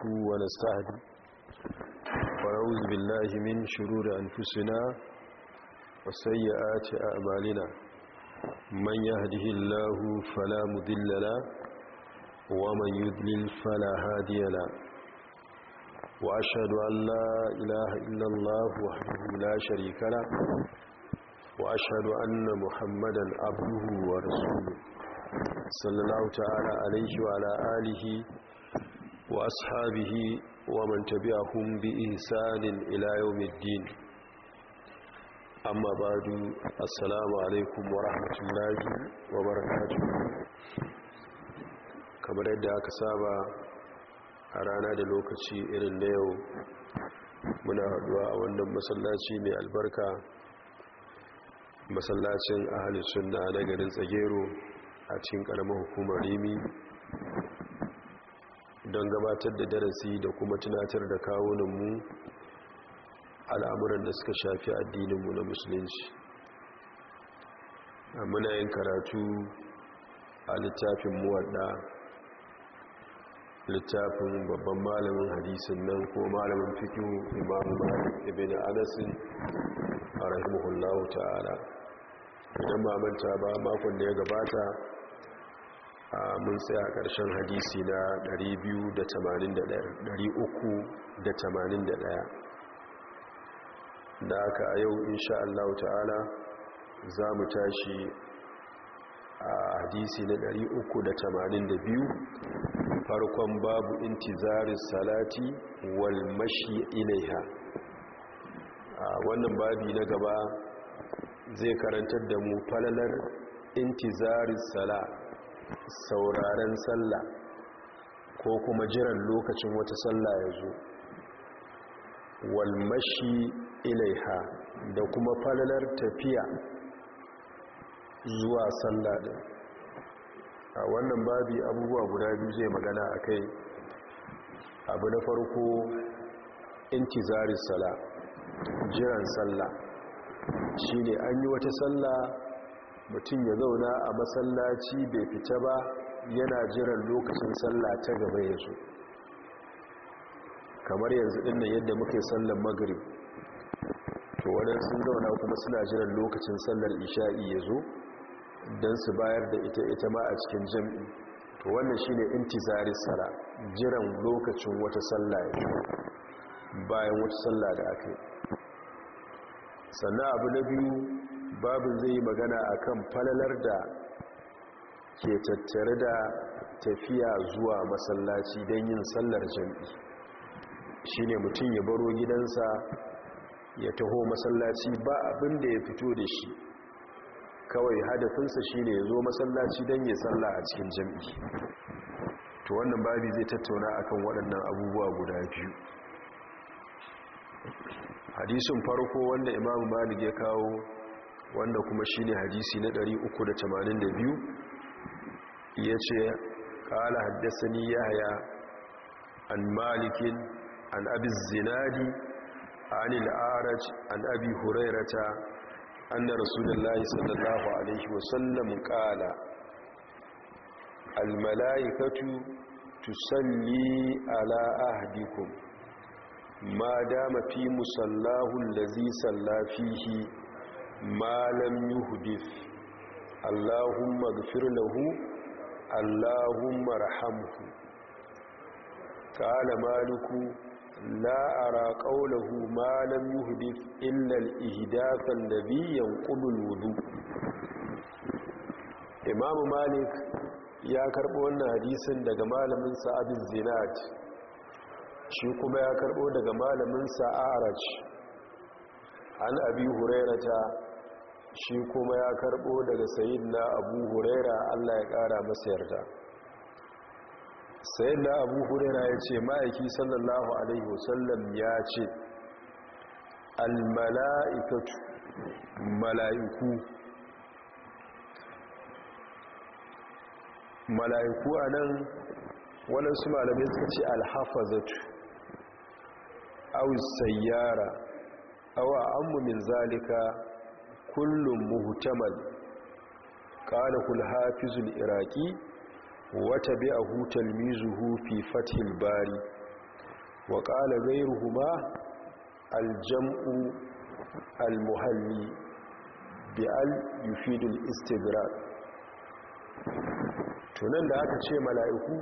نستعينه ونستهدي ونعوذ بالله من شرور أنفسنا وسيئات أعمالنا من يهده الله فلا مذل له ومن يذلل فلا هادي له وأشهد أن لا إله إلا الله وحده لا شريك له وأشهد أن محمدا عبده ورسوله صلى الله تعالى عليه وعلى آله wa ashabihi wa man tabi'ahum bi ihsanin ila yawmiddin amma ba'du assalamu alaikum wa rahmatullahi wa barakatuh kamar yadda aka saba a rana da lokaci irin na yau muna haɗuwa a wannan masallaci mai albarka masallacin ahalin sunna na garin tsagero a cikin karamar hukumar rimi don gabatar da darasi da kuma tunatar da kawuninmu al'amuran da suka shafi addininmu na musulunci muna yin karatu a littafin muwadda littafin babban malamin hadisun nan ko malamin fito imamu malik ibn anasin a rahimahullahu ta'ala idan ba manta ba makon da ya gabata mun a ƙarshen hadisi na 381 da aka a yau insha Allah ta'ala za mu tashi a hadisi na 382 farkon babu intizarin salati wal mashi ilaiha a wannan babi na gaba zai karantar da mu falalar intizarin sala sauraren sallah ko kuma jiran lokacin wata sallah ya zo walmashi ilaiha da kuma falalar tafiya zuwa sallah da a wannan babi abubuwa guda biyu zai magana a kai abu na farko intizari sala jiran sallah shi ne an yi wata sallah mutum ya zauna a masallaci bai fita ba yana jiran lokacin sallah ta gaba ya zo kamar yanzu ɗin yadda muke sallar magari to waɗansu zauna kuma suna jiran lokacin sallar isha'i ya zo don su bayar da ita ita ma a cikin jam'i to wannan shi ne intizari tsara jiran lokacin wata tsalla ya bayan wata tsalla da aka yi sannan abu na biyu babin zai yi magana a kan falalar da ke tattare da tafiya zuwa masallaci don yin sallar jam'i ne mutum ya baro gidansa ya taho masallaci ba abin da ya fito da shi kawai hadafinsa shi ne ya zo masallaci don ya salla a cikin jam'i to wannan babi zai tattauna akan waɗannan abubuwa guda biyu hadisin farko wanda Imam malik ya kawo wanda kuma shi ne hadisi na 382 ya ce haddasa ni yahaya an malikin an abin zinadi an al'araj an abin hurairata an da rasulullahi sallallahu alaihi wasallam ƙala almala'ikatu tusalli ala ahdikum ma dama fi musallahu lazi sallafihi malam yuhdis allahumma gafir lahu allahumma rahamhu kala maliku la ara qawluhu malam yuhdis illa al-ihdath alladhi yanqudu al-wudu imam malik ya karbo wannan hadisin daga malamin abin zinat shi kuma ya karbo daga malamin sa'araj an abi hurairata shi kuma ya karbo daga na abu huraira Allah ya kara masa yarda na abu huraira ya ce ma'aiki sallallahu alaihi wasallam ya ce almala'ikatu mala'iku mala'iku a nan waɗansu malamai suka ce alhafazatu au sayyara awa mu min zalika kullum muhtamal kana kul hafizul iraqi wa tabi'ahu talmizuhu fi fathil bari wa qala ghayruhuma al-jam'u al-muhalli bi al yufidul istighraq tunan da aka ce mala'iku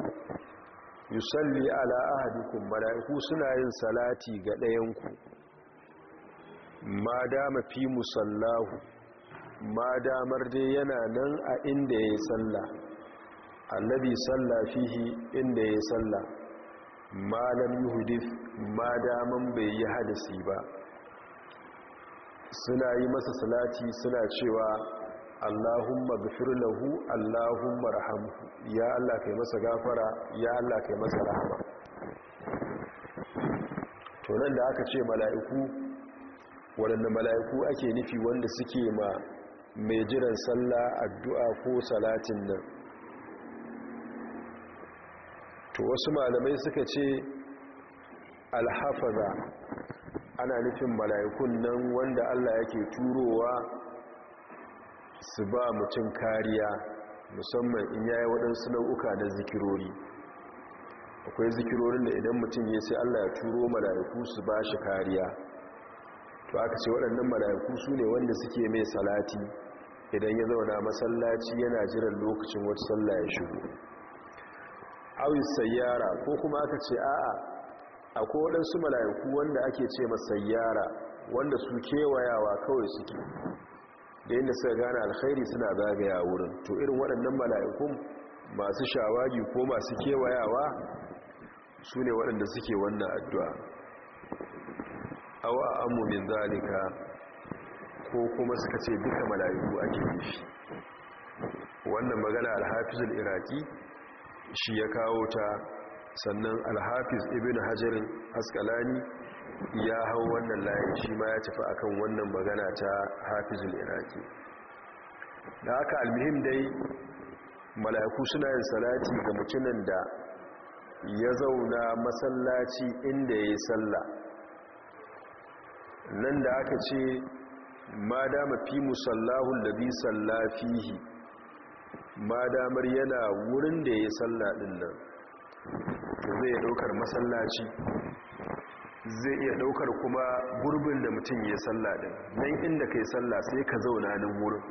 yusalli ala ahadikum mala'iku suna yin salati ga ɗayanku ma dama fi musallahu ma damar dai yana nan a inda ya yi tsalla annabi tsalla fihi inda ya yi tsalla malam yuhudif ma daman bai yi hadisi ba suna yi masa salati suna cewa allahumma gafir lahu allahumma rahamhu ya allah kai masa gafara ya allah kai masa rahama to nan da aka ce mala'iku waɗanda mala'iku ake nufi wanda suke ma mai jiran sallah addu'a ko salatin nan to wasu malamai suka ce alhafaza ana nufin mala'ikun nan wanda allah yake turowa su ba mutum kariya musamman in yayi waɗansu nau'uka na zikirori akwai zikirorin da idan mutum ya sai allah ya turo mala'iku su ba shi kariya to aka ce waɗannan mala'iku su ne wanda suke mai salati idan ya zauna masallaci yana jiran lokacin wata salla ya shigo awi sayyara ko kuma aka ce a'a akwai waɗansu mala'iku wanda ake ce masayyara wanda su kewayawa kawai suke da yadda suka gane alkhairi suna zagaya wurin to irin waɗannan mala'ikun masu shawagi ko masu kewayawa su ne waɗanda suke wannan addu'a awa amu min zalika ko kuma suka ce duka mala'iku ake shi? wannan magana alhafiz hafiz shi ya kawo ta sannan alhafiz ibn hajar askalani ya hau wannan layin shi ma ya tafi akan wannan magana ta hafiz al da haka almuhim dai mala'iku suna yin salati ga mutumin da ya zauna masallaci inda ya yi sallah nan da aka ce ma dama fi musallahun da bi sallafihi ma damar yana wurin da ya yi salla nan zai ɗaukar masallaci zai iya ɗaukar kuma gurbin da mutum ya yi salla ɗin nan inda ka yi salla sai ka zauna nan wurin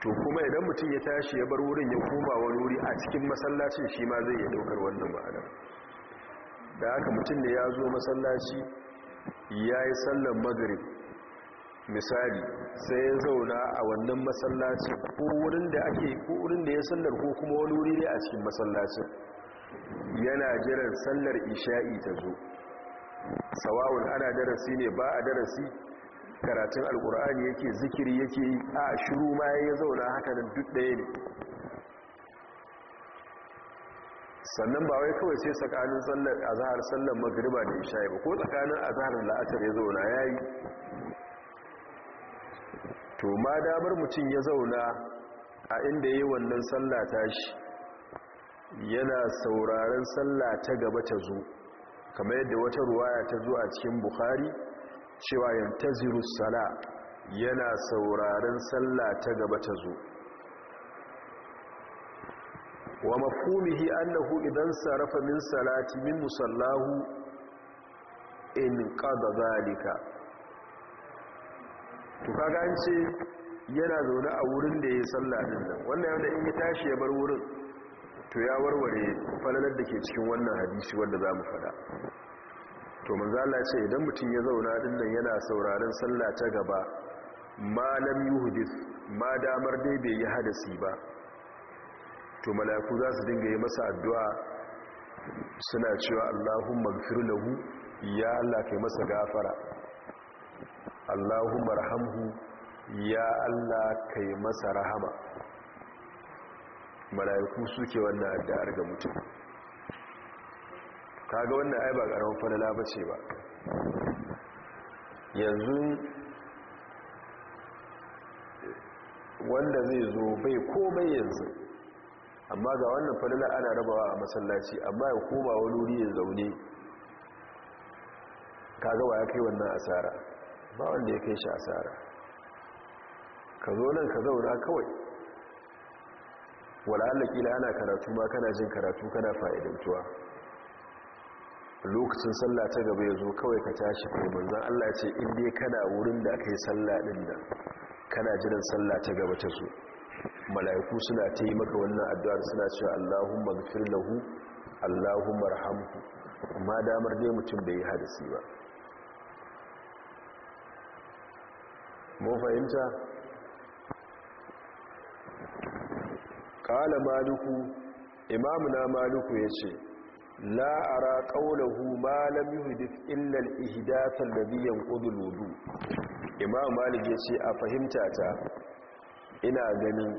to kuma idan mutum ya tashi ya bar wurin ya koma wani wuri a cikin masallacin shi ma zai iya ɗaukar wannan ma'ana da haka mutum da ya zo masallaci ya yi sallar magrib misali sai ya zauna a wannan masallacin ko wurin da ake ko wurin da ya sallar ko kuma wani wuri ne a cikin masallacin yana jiran sallar isha'i ta zo sawa'un ana darasi ne ba a darasi karatun alkur'ani yake zikiri yake a shiru ma ya zauna haka nan duk ɗaya ne sannan ba wai kawai sai tsakanin sallar azhar sallar magriba da yi ba ko tsakanin azhar da la'asar ya zauna yayi to ma damar mutum ya zauna a inda yayi wannan sallah shi yana sauraron sallah ta gaba ta zo kamar yadda wata ruwaya ta zo a cikin bukhari cewa yantaziru sala yana sauraren sallah ta gaba ta zo wa mafhumihi annahu idan sarafa min salati min musallahu in qada zalika to kaga an ce yana zaune a wurin da yayi sallah nan wannan yana in ya tashi ya bar wurin to ya warware falalar da ke cikin wannan hadisi wanda za mu fada to manzo Allah ce idan mutum ya zauna din nan yana sauraron sallah ta gaba malam yuhdith ma damar dai bai yi hadasi ba to mala'iku za su dinga yi masa addu'a suna cewa Allahumma magfir lahu ya Allah yi masa gafara Allahumma marhamhu ya Allah kai masa rahama malaku suke wannan addu'ar ga mutum ga wannan ai ba ƙaramin falala ce ba yanzu wanda zai zo bai komai yanzu amma ga wannan fadila ana rabawa a masallaci amma ya koma wani wuri ya zaune ka gawa ya kai wannan asara ba wanda ya kai shi asara ka zo nan ka zauna kawai wala'alla kila ana karatu ma kana jin karatu kana fa'idantuwa lokacin sallah ta gaba ya zo kawai ka tashi kai manzan Allah ce in dai kana wurin da aka yi sallah ɗin nan kana jiran sallah ta gaba ta zo mala'iku suna ta yi maka wannan addu'ar suna cewa allahun magfir lahu allahun marhamku ma damar dai mutum bai yi hadisi ba mun fahimta ƙala maluku na maluku ya ce la'ara ƙaunahu malam yuhudif illal ihidatar da biyan ƙuduludu imam malik ya ce a fahimta ta ina ganin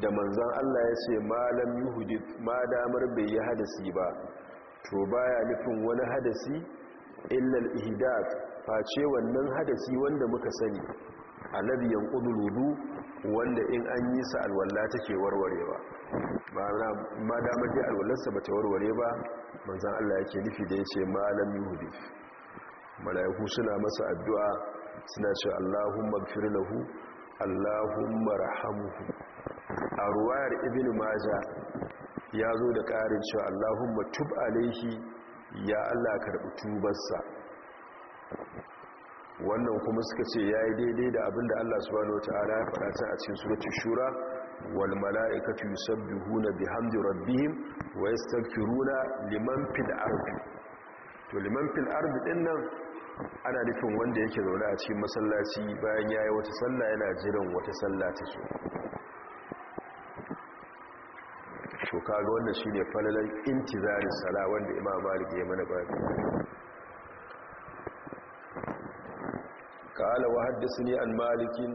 da manzan Allah ya ce malam yuhudit ma damar bai yi hadasi ba to baya nufin wani hadasi illal ihdad face wannan hadasi wanda muka sani alabiyan qudurudu wanda in an yi sa alwala take warwarewa ba ma damar dai alwallarsa bata warware ba manzan Allah yake nufi da yace malam yuhudit mala'iku suna masa addu'a suna ce Allahumma gfir lahu allahumma rahamhu a ruwayar ibn maja ya zo da ƙarin cewa allahumma tub alaihi ya allah karɓi tubarsa wannan kuma suka ce ya yi daidai da abinda allah subhanahu wa ta'ala ya faɗa ta a cikin suratul shura wal mala'ikatu yusabbihuna bihamdi rabbihim wa yastaghfiruna liman fil ardi to liman fil ardi dinnan. ana nufin wanda yake zaune a cikin masallaci bayan ya yi wata sallah yana jiran wata sallah ta so to kaga wannan shi ne falalar intizarin sala wanda imam da ya mana bari kala wa haddasa ne an malikin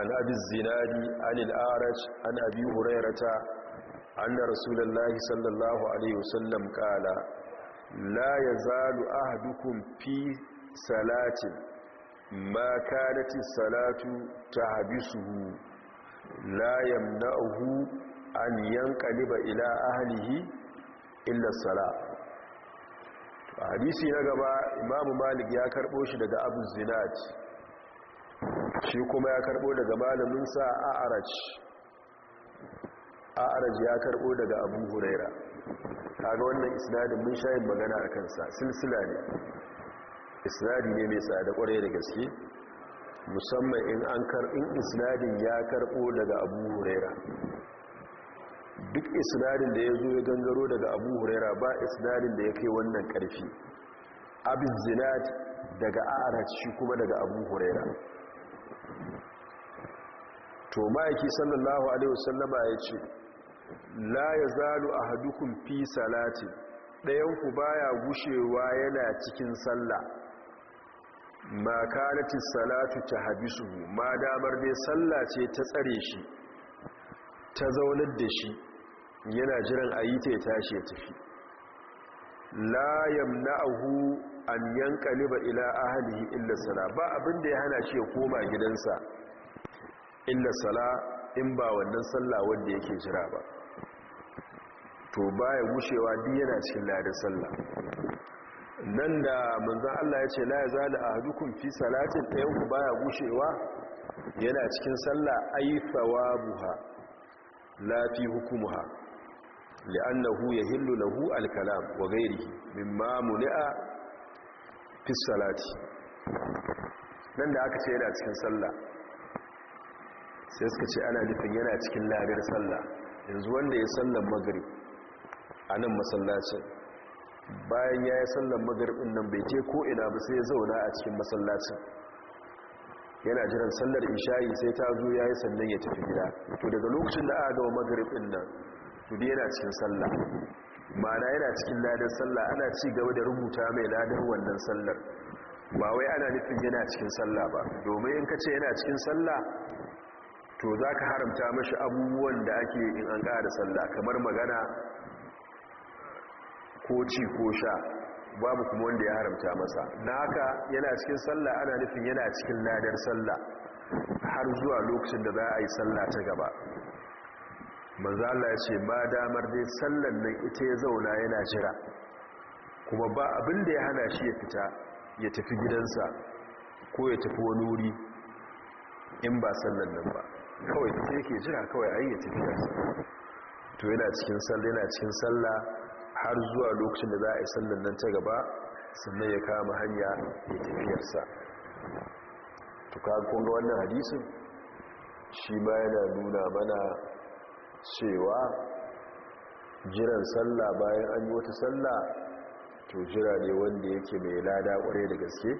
an abin zinari an il'arash an abin hurairata an da rasulallah sallallahu alaihi wasallam kala la ya zalu ahadukum fi salatin ma kanatin salatu ta habisuhu la yamna'uhu an yanqaliba ila ahlihi illa salat hadisi na gaba imamu malik ya karbo shi daga abu zinat shi kuma ya karbo daga malaminsa a araj a araj ya karbo daga abu huraira kaga wannan isnadin mun sha shayin magana a kansa silsila ne isnadi ne mai tsada kwarai da gaske musamman in an karɓin isnadin ya karɓo daga abu huraira duk isnadin da ya zo ya gangaro daga abu huraira ba isnadin da ya kai wannan ƙarfi abin zinad daga a'arat shi kuma daga abu huraira to ma'aiki sallallahu alaihi wasallama ya ce la ya zalu a hadukun fi salati ɗayanku baya gushewa yana cikin sallah ma salatu ta habisu ma damar dai sallah ce ta tsare shi ta zaunar da shi yana jiran a yi ta ya tashi ya tafi la yamna'ahu an yankaliba ila ahlihi illa sala ba abinda ya hana shi ya koma gidansa illa sala in ba wannan sallah wanda yake jira ba to baya gushewa duk yana cikin ladar sallah nan da manzan Allah ya ce la yazalu ahadukum fi salatin ba baya gushewa yana cikin sallah ay thawabuha la fi hukumuha li'annahu yahillu lahu al-kalam wa ghayrihi mimma a fi salati nan da aka ce yana cikin sallah sai suka ce ana nufin yana cikin ladar sallah yanzu wanda ya sallar magrib a nan masallacin bayan ya yi sallan magarbin nan bai ko ko'ina ba sai ya zauna a cikin masallacin yana jiran sallar isha'i sai ta zo ya yi sannan ya tafi gida to daga lokacin da aka gawa magarbin nan to da yana cikin salla. ma'ana yana cikin ladar sallah ana ci gaba da rubuta mai ladar wannan sallar ba wai ana nufin yana cikin sallah ba domin in ka ce yana cikin sallah to za ka haramta mashi abubuwan da ake in an ƙara sallah kamar magana ko ci ko sha babu kuma wanda ya haramta masa na haka yana cikin sallah ana nufin yana cikin ladar sallah har zuwa lokacin da za a yi sallah ta gaba manzala ya ce ba damar dai sallan nan ita ya zauna yana jira kuma ba abin da ya hana shi ya fita ya tafi gidansa ko ya tafi wani wuri in ba sallan nan ba kawai ta yake jira kawai ayyata to yana cikin sallah har zuwa lokacin da za a yi sallan nan ta gaba sannan ya kama hanya ya tafiyarsa tukakon ga wannan hadisun shi ma yana nuna mana cewa jiran sallah bayan an yi wata sallah to jira ne wanda yake mai lada kware da gaske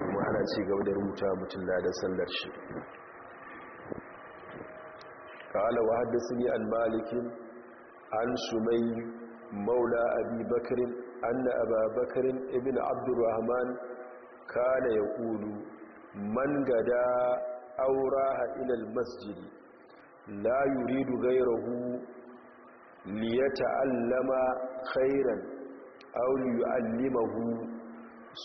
kuma ana ci gaba da rubuta mutum ladar sallar shi قال وحدثني عن مالك عن سمي مولى أبي بكر أن أبا بكر ابن عبد الرحمن كان يقول من قدى أو راه إلى المسجد لا يريد غيره ليتعلم خيرا أو ليعلمه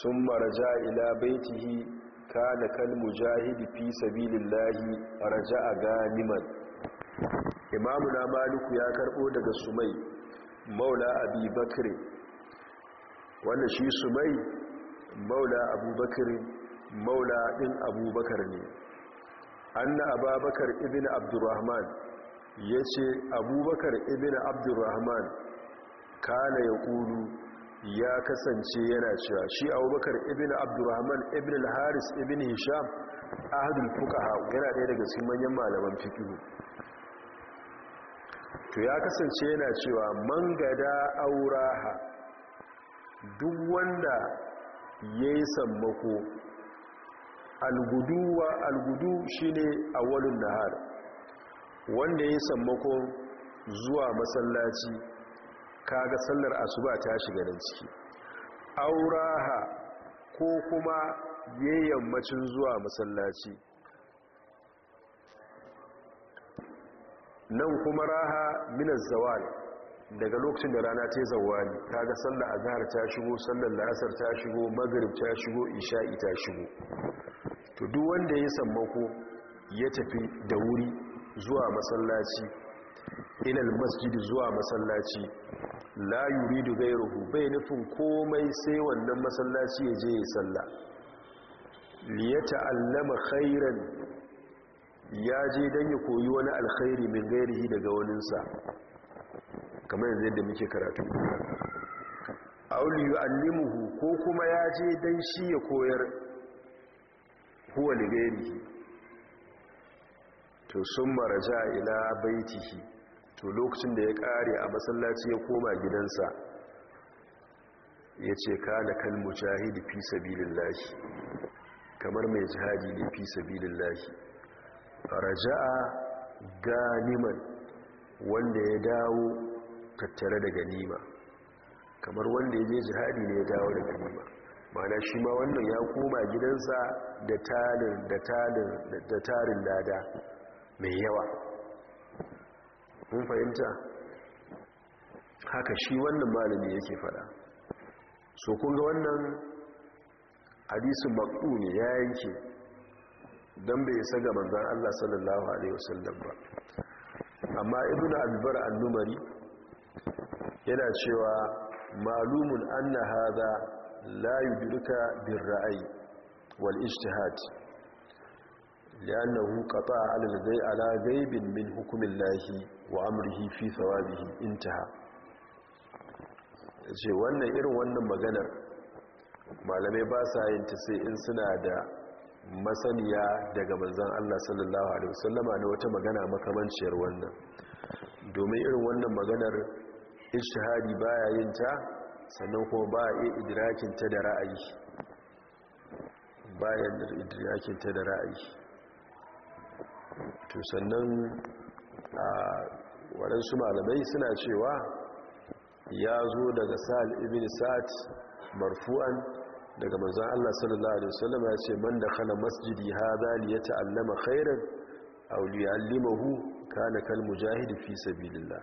ثم رجع إلى بيته كان كالمجاهد في سبيل الله رجع غانما إمامنا مالك يا كربو دقى السمي maula abi wanda shi sumai maula abubakire maula ɗin abubakar ne anna ababakar ibn abdurrahman ya ce abubakar ibn abdurrahman kana ya ƙulu ya kasance yana cewa shi abubakar ibina abdurrahman ibn al-haris ibn hisham ahadul fuqaha yana ɗaya daga cikin manyan malaman fikihu to ya kasance yana cewa man gada auraha duk wanda ya yi sammako alguduwa algudu shi ne a walin nahar wanda ya yi sammako zuwa masallaci kaga sallar asuba ta shiga nan ciki auraha ko kuma yi yammacin zuwa masallaci nan kuma raha minas zawal daga lokacin da rana ta zawali Sallah sallar azhar ta shigo sallar la'asar ta shigo maghrib ta shigo isha'i ta shigo to duk wanda ya sammako ya tafi da wuri zuwa masallaci ilal masjid zuwa masallaci la yuridu ghayruhu bai nufin komai sai wannan masallaci ya je ya sallah li ta'allama khairan ya je don ya koyi wani alkhairi min gairihi daga waninsa kamar yanzu yadda muke karatu auliyu allimuhu ko kuma ya je don shi ya koyar huwa ligairihi to sun maraja ila baitihi to lokacin da ya kare a masallaci ya koma gidansa ya ce da kan mujahidi fi sabilillahi kamar mai jihadi ne fi sabilillahi raja'a ganiman wanda ya dawo tattare da ganima kamar wanda ya je jihadi ne ya dawo da ganima mana shi ma wannan ya koma gidansa da tarin da tarin da tarin lada mai yawa mun fahimta haka shi wannan malami yake fada so kun wannan hadisin maƙu ne ya yanke don bai isa ga manzan Allah sallallahu Alaihi wasallam ba amma ibn albar annumari yana cewa malumun anna hadha la yudrika bin ra'ayi wal ijtihad li'annahu qata'a 'ala al 'ala gaibin min lahi wa amrihi fi thawabihi intaha ce wannan irin wannan maganar malamai ba sa yin ta sai in suna da masaniya daga manzan Allah sallallahu alaihi wasallama na wata magana makamanciyar wannan domin irin wannan maganar ba ya yin ta sannan kuma ba a iya ta da ra'ayi bayan to sannan a waɗansu malamai suna cewa ya zo daga sa'al ibn sa'ad marfu'an daga manzan Allah sallallahu alaihi wasallam ya ce man da kala masjidi hadha li yata'allama khairan aw mahu. Ka kana kan mujahidi fi sabilillah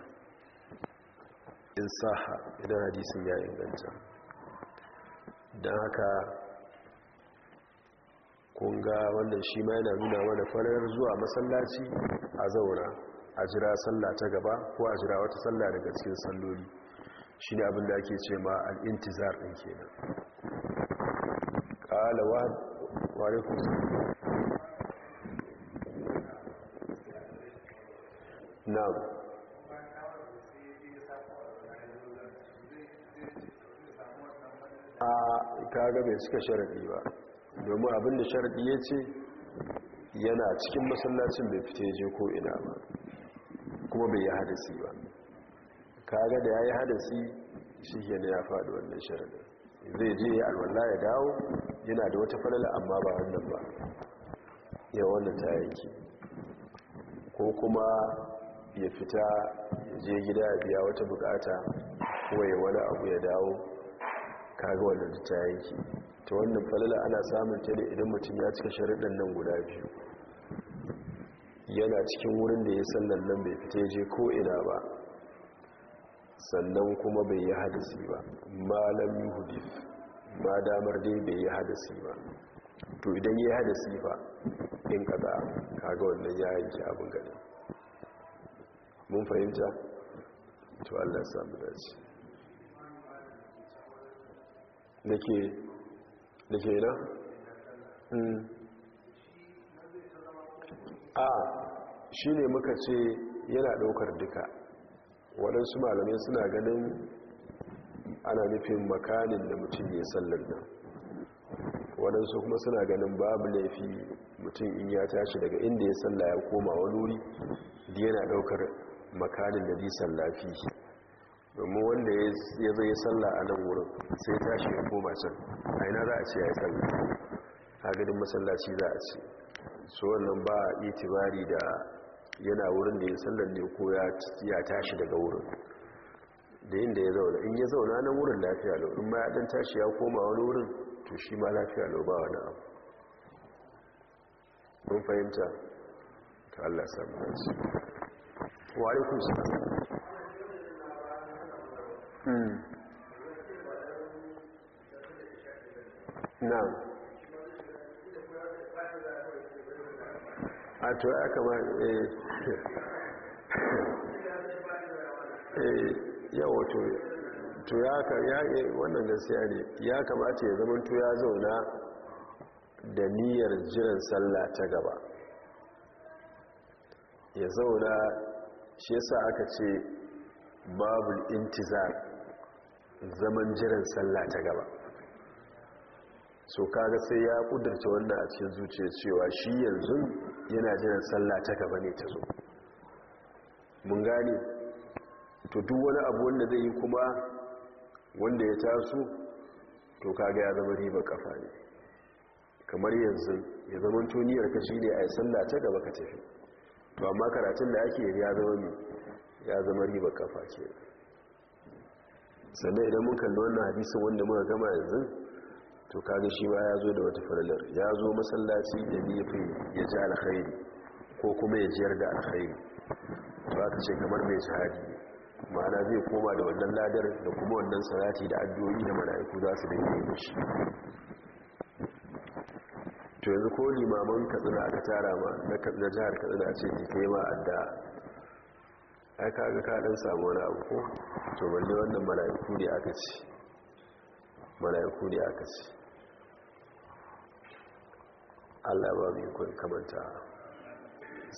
in saha idan hadisin ya inganta Don haka kunga wannan shi ma yana nuna mana farar zuwa masallaci a zaura, a jira sallah ta gaba ko a jira wata sallah daga cikin salloli shi ne abinda ake ce ma al'intizar ɗin kenan ta'ala wa alaikum na'am a kaga bai suka sharaɗi ba domin abinda sharaɗi ya ce yana cikin masallacin bai fita je ko ina ba kuma bai yi hadasi ba kaga da ya yi hadasi shi yana ya faɗi wannan sharaɗi zai je alwallah ya dawo yana da wata falala amma ba wannan ba ya wannan ta yanki ko kuma ya fita ya je gida ya biya wata bukata ko ya wani abu ya dawo kaga wannan ta yanki ta wannan falala ana samun ta da idan mutum ya cika sharaɗin nan guda biyu yana cikin wurin da ya sannan nan bai fita je ko ina ba sannan kuma bai yi hadisi ba malam yuhudif ba damar dai bai yi hadasi ba to idan ya yi hadasi ba in kaza kaga wannan ya yanki abin gani mun fahimta to allah samu dace da ke da ke na? a shi ne muka ce yana ɗaukar duka waɗansu malamai suna ganin ana nufin makanin da mutum ya sallar nan waɗansu kuma suna ganin babu laifi mutum in ya tashi daga inda ya salla ya koma wani wuri da yana ɗaukar makanin da bi lafi. domin wanda ya zai salla a nan wurin sai tashi ya koma can a ina za a ce ya yi salla a gadin masallaci za a ce su wannan ba a itibari da yana wurin da ya sallar ne ko ya tashi daga wurin da inda ya zauna in ya zauna nan wurin lafiya lau in ma ya dan tashi ya koma wani wurin to shi ma lafiya lau ba wani abu mun fahimta ta Allah samu nasu wa alaikun su hmm. na a to ya kama eh eh to ya wannan gaskiya ne ya kamata ya zama to ya zauna da niyyar jiran sallah ta gaba ya zauna shi yasa aka ce Babu intizar zaman jiran sallah ta gaba so kaga sai ya kudurta wannan a cikin zuciya cewa shi yanzu yana jiran sallah ta gaba ne ta zo mun gane to duk wani abu wanda zai yi kuma wanda ya taso to kaga ya zama riba kafa ne kamar yanzu ya zama tuniyar ka shi ne a yi sallah ta gaba ka tafi to amma karatun da ake ya zama ne ya zama riba kafa ce sannan idan mun kalli wannan hadisin wanda muka gama yanzu to kaga shi ba ya zo da wata falalar ya zo masallaci da nufin ya ji alkhairi ko kuma ya jiyar da alkhairi ba ka ce kamar mai ne ma'ana zai koma da wannan ladar da kuma wannan sarati da addu'o'i da mala'iku za su dinga yi mishi to yanzu ko limaman katsina aka tara ma na jihar katsina ce ki kai ma adda ai kaga ka dan samu wani abu ko to balle wannan mala'iku ne aka ci mala'iku ne aka ci Allah ba mai yi kamanta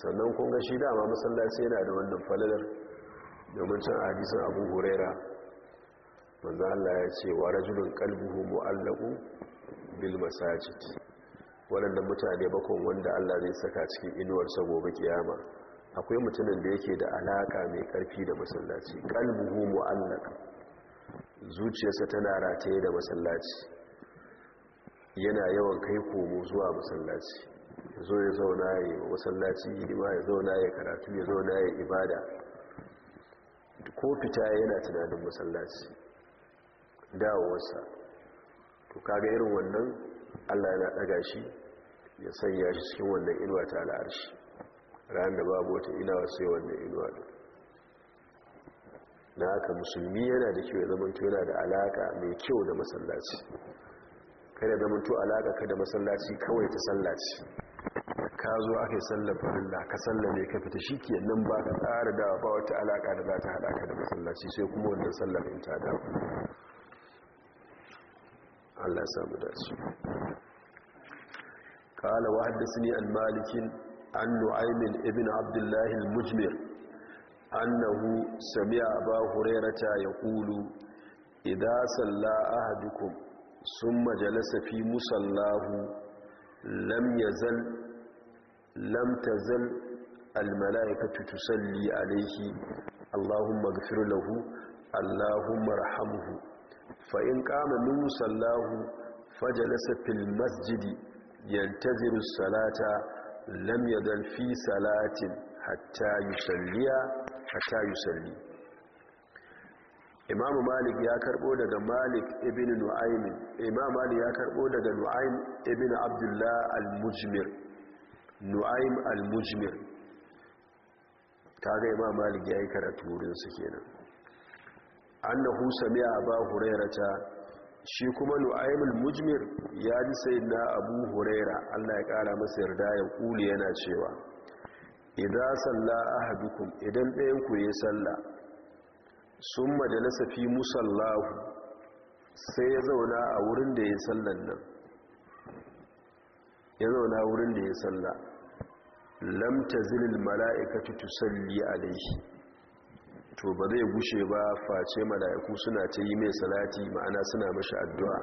sannan kun ga shi dama masallaci yana da wannan falalar yammacin hadisun abu huraira wanda Allah ya ce wa rajulun qalbuhu mu'allaqu bil masajid waɗannan mutane bakon wanda Allah zai saka cikin inuwar sa gobe kiyama akwai mutumin da yake da alaka mai karfi da masallaci kalbuhu mu'allaq zuciyarsa tana rataye da masallaci yana yawan kai komo zuwa masallaci zo ya zauna ya yi masallaci hidima ya zauna ya karatu ya zauna ya ibada ko fita yana tunanin masallaci dawowarsa to kaga irin wannan allah yana ɗaga shi ya sanya shi cikin wannan inuwa ta shi ranar da babu wata inawa sai wannan inuwa da. na haka musulmi yana da kyau ya zamanto yana da alaka mai kyau da masallaci kada zamanto alaka kada masallaci kawai ta sallaci ka zo aka yi sallafin rinna ka sallame ka fita shi ke nan ba ka tsara da ba wata alaka da za ta hada ka da masallaci sai kuma wannan sallafin ta da Allah ya samu da su wa haddasa ne almalikin an nu'aimin ibn abdullahi mujmir annahu sami'a ba Rata ya kulu idan salla ahadukum sun majalasa fi musallahu lam yazal lam tazal almalaikatu tusalli alaihi allahumma ighfir lahu allahumma arhamhu fa in qama min musallahu fajalasa fil masjidi yantaziru salata lam yadal fi salatin hatta yusalliya hatta yusalli imam malik ya karɓo daga malik Ibin nu'aym imam daga ibn abdullah al-mujmir Nu'aim al-mujmir kaga imam malik yayi karatu wurin su kenan annahu sami'a huraira ta, shi kuma Nu'aim al-mujmir ya ji sayyidina abu huraira Allah ya kara masa yarda ya kuli yana cewa idza salla ahadukum idan ɗayan ku yayi salla summa majalasa fi musallahu sai ya zauna a wurin da ya sallan nan ya zauna wurin da ya salla lam tazil mala'ikatu tusalli alaihi to ba zai gushe ba face mala'iku suna ta yi mai salati ma'ana suna mashi addu'a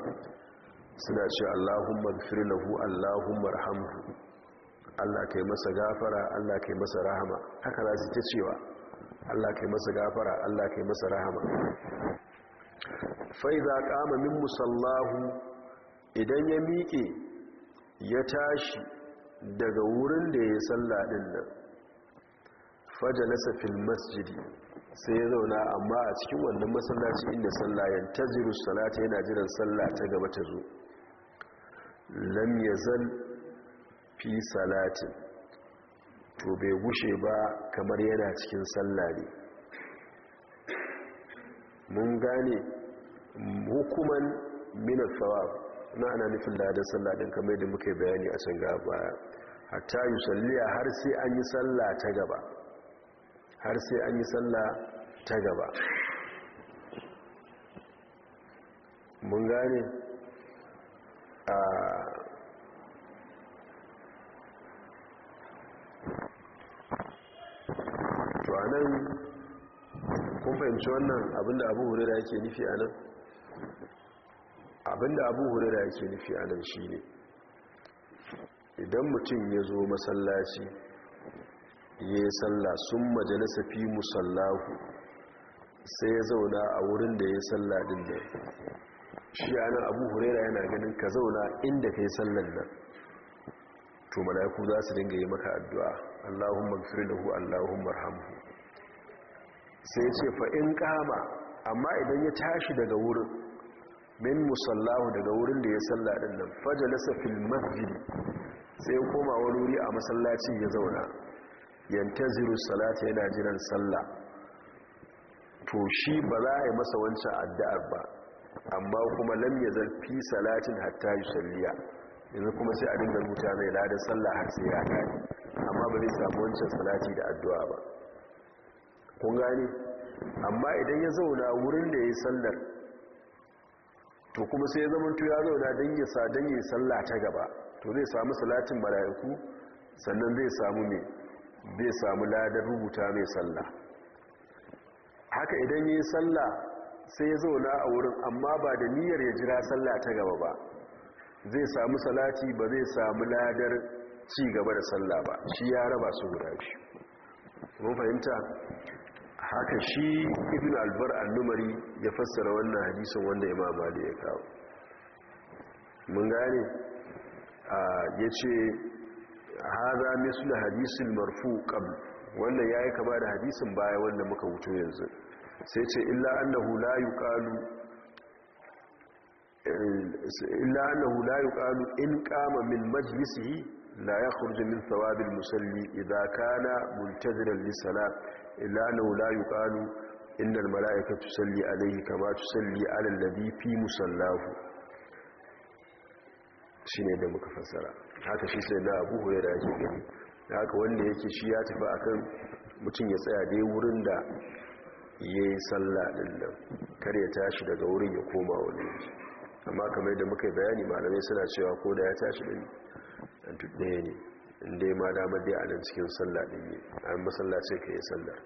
suna ce Allahumma gfir lahu Allahumma rahamhu Allah kai masa gafara Allah kai masa rahama haka za su ta cewa Allah kai masa gafara Allah kai masa rahama Fai za qama min musallahu idan ya miƙe ya tashi daga wurin da ya yi sallah ɗin nan fajalasa fil masjidi sai ya zauna amma a cikin wannan masallaci inda sallah yan taziru salata yana jiran sallah ta gaba ta zo lam zan fi salatin to bai gushe ba kamar yana cikin sallah ne mun gane hukuman minar fawa na ana nufin ladar sallah ɗin kamar da muke bayani a can gaba hatta yi salliya har sai an yi sallah ta gaba har sai an yi sallah ta gaba mun gane a tuwanan kun fahimci wannan abinda abu da yake nufi a nan abinda abu da yake nufi a nan shi ne idan mutum ya zo masallaci ya yi salla sun majalisa fi musallahu sai ya zauna a wurin da ya yi salla din da shi anan abu huraira yana ganin ka zauna inda ka yi sallan nan to malaku za su dinga yi maka addu'a Allahumma da hu Allahumma marhamu sai ya ce fa’in kama amma idan ya tashi daga wurin min musallahu daga wurin da ya salla din nan fajalisa fil masjid sai koma wani wuri a masallacin ya zauna ziru salata yana jiran sallah to shi ba za a yi masa wancan addu'ar ba amma kuma lam ya zarfi salatin hatta yi salliya yanzu kuma sai a dinga rubuta mai ladan sallah har sai ya kai amma ba zai samu wancan salati da addu'a ba kun gane amma idan ya zauna wurin da ya yi sallar to kuma sai ya zama to ya zauna don ya sa don ya yi sallah ta gaba to zai samu salatin mala'iku sannan zai samu ne zai samu ladar rubuta mai sallah haka idan yi sallah sai ya zauna a wurin amma ba da niyyar ya jira sallah ta gaba ba zai samu salati ba zai samu ladar ci gaba da sallah ba shi ya raba su guda shi. mun fahimta haka shi ibn albar al-numari ya fassara wannan hadisin wanda imam ali ya kawo mun gane ya ce haza da hadisin marfu ƙabu wanda yi kama da hadisin baya wanda muka wuce yanzu sai ce illa annahu la yuqalu illa in kama min majalisi la kurji min tsawabin musalli idha kana muntaziran li salat illa annahu la yi ƙalu inda malaikata salli alaihi kama tu salli an fi musallahu shi ne da muka fassara haka shi sai na abu hore da yake gani da haka wanda yake shi ya tafi a kan mutum ya tsaya dai wurin da ya yi sallah ɗin kar ya tashi daga wurin ya koma wani amma kamar da muka yi bayani malamai suna cewa ko da ya tashi ɗin an tuɗe ne inda ya ma damar dai a nan cikin sallah ɗin ne an masallacin ka yi sallar.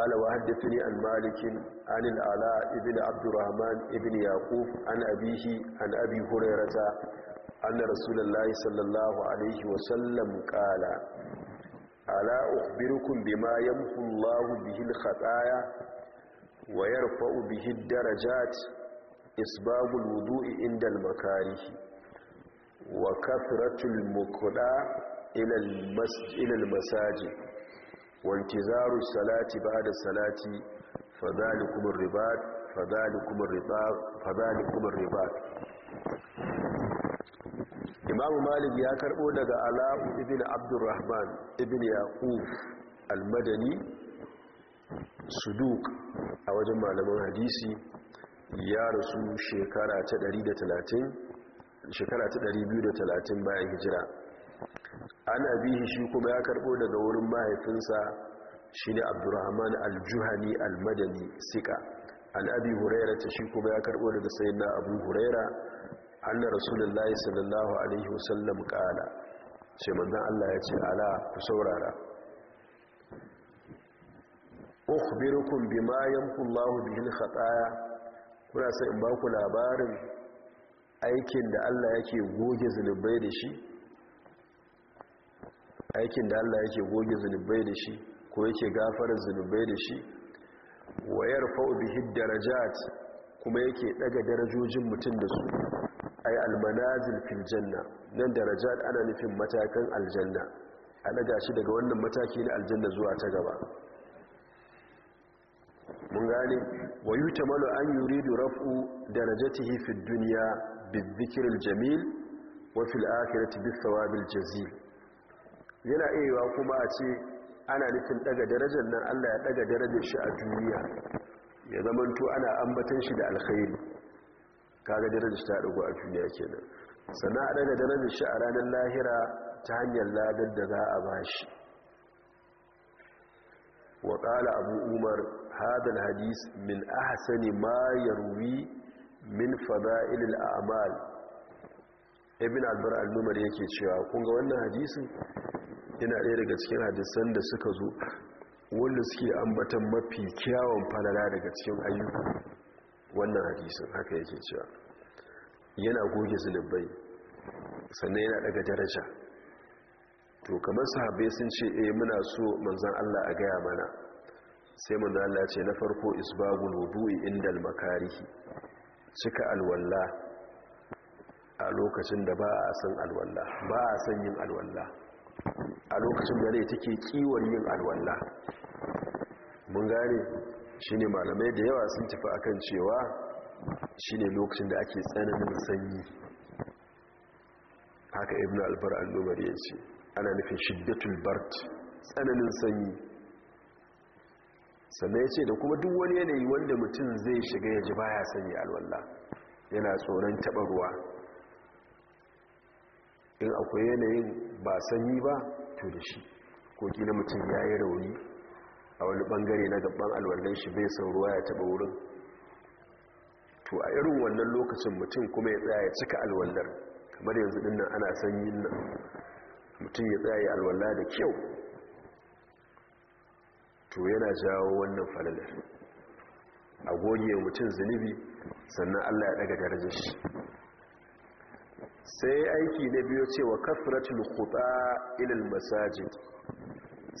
قال وحدثني عن مالك عن العلاء ابن عبد الرحمن ابن يعقوب عن أبيه عن أبي هريرة أن رسول الله صلى الله عليه وسلم قال ألا أخبركم بما يمحو الله به الخطايا ويرفع به الدرجات إسباب الوضوء عند المكاره وكثرة المقضى إلى المساجد وانتظار الصلاة بعد الصلاة فذلكم الرباط فذلكم الرباط فذلكم الرباط Imam Malik ya karɓo daga Ala'u ibn Abdurrahman ibn Yaqub al-Madani Suduk a wajen malaman hadisi ya rasu shekara ta 130 shekara ta 230 bayan hijira ana abihi shi kuma ya karbo daga wurin mahaifinsa shi ne abdurrahman aljuhani almadani sika an abi huraira ta shi kuma ya karbo daga sayin na abu huraira anna rasulullahi sallallahu alaihi wasallam kala ce manzan allah ya ce ala ku saurara bi ma yankun lahu bihi alkhataya kuna sai in ba ku labarin aikin da allah yake goge zunubai da shi aikin da Allah yake goge zunubai da shi ko yake gafara zunubai da shi wayar fa'ubihi darajat kuma yake daga darajojin mutum da su ay almanazil fil janna nan darajat ana nufin matakan aljanna a daga shi daga wannan mataki na aljanna zuwa ta gaba mun gane wa yutamalu an yuridu raf'u darajatihi fid dunya bizikr jamil wa fil akhirati bis yana iya kuma a ce ana nufin daga darajar nan allah ya daga darajar shi a duniya ya zamanto ana ambatan shi da alkhairi kaga darajar shi ta dago a duniya nan. sannan a daga darajar shi a ranar lahira ta hanyar ladar da za a bashi wa qala abu umar hadal hadis min ahsani ma yarwi min fada'il a'amal amal ibn albar al-numar yake cewa kun ga wannan hadisin yana ɗaya daga cikin hadisan da suka zo wanda suke ambatan mafi kyawun falala daga cikin ayyuka wannan hadisin haka yake cewa yana goge zunubai sannan yana daga daraja to kamar sahabbai sun ce eh muna so manzon Allah a gaya mana sai manzon Allah ce na farko isbabul wudu'i indal makarihi cika alwalla a lokacin da ba a san alwalla ba a san yin alwalla a lokacin da ne take kiwon yin alwalla mun gane shi ne malamai da yawa sun tafi akan cewa shi ne lokacin da ake tsananin sanyi haka ibn albar annobar ya ce ana nufin shiddatul bart tsananin sanyi sannan ya ce da kuma duk wani yanayi wanda mutum zai shiga ya ji baya sanyi alwalla yana tsoron taɓa ruwa in akwai yanayin ba sanyi ba to da shi ko gina mutum ya yi rauni a wani bangare na gaban alwallon shi bai san ruwa ya taba wurin to a irin wannan lokacin mutum kuma ya tsaya ya cika alwallar kamar yanzu dinnan ana sanyin nan mutum ya tsaya ya alwalla da kyau to yana jawo wannan falalar a goge mutum zunubi sannan allah ya daga darajar shi sai aiki na biyu cewa kafratul khuta ilal masajid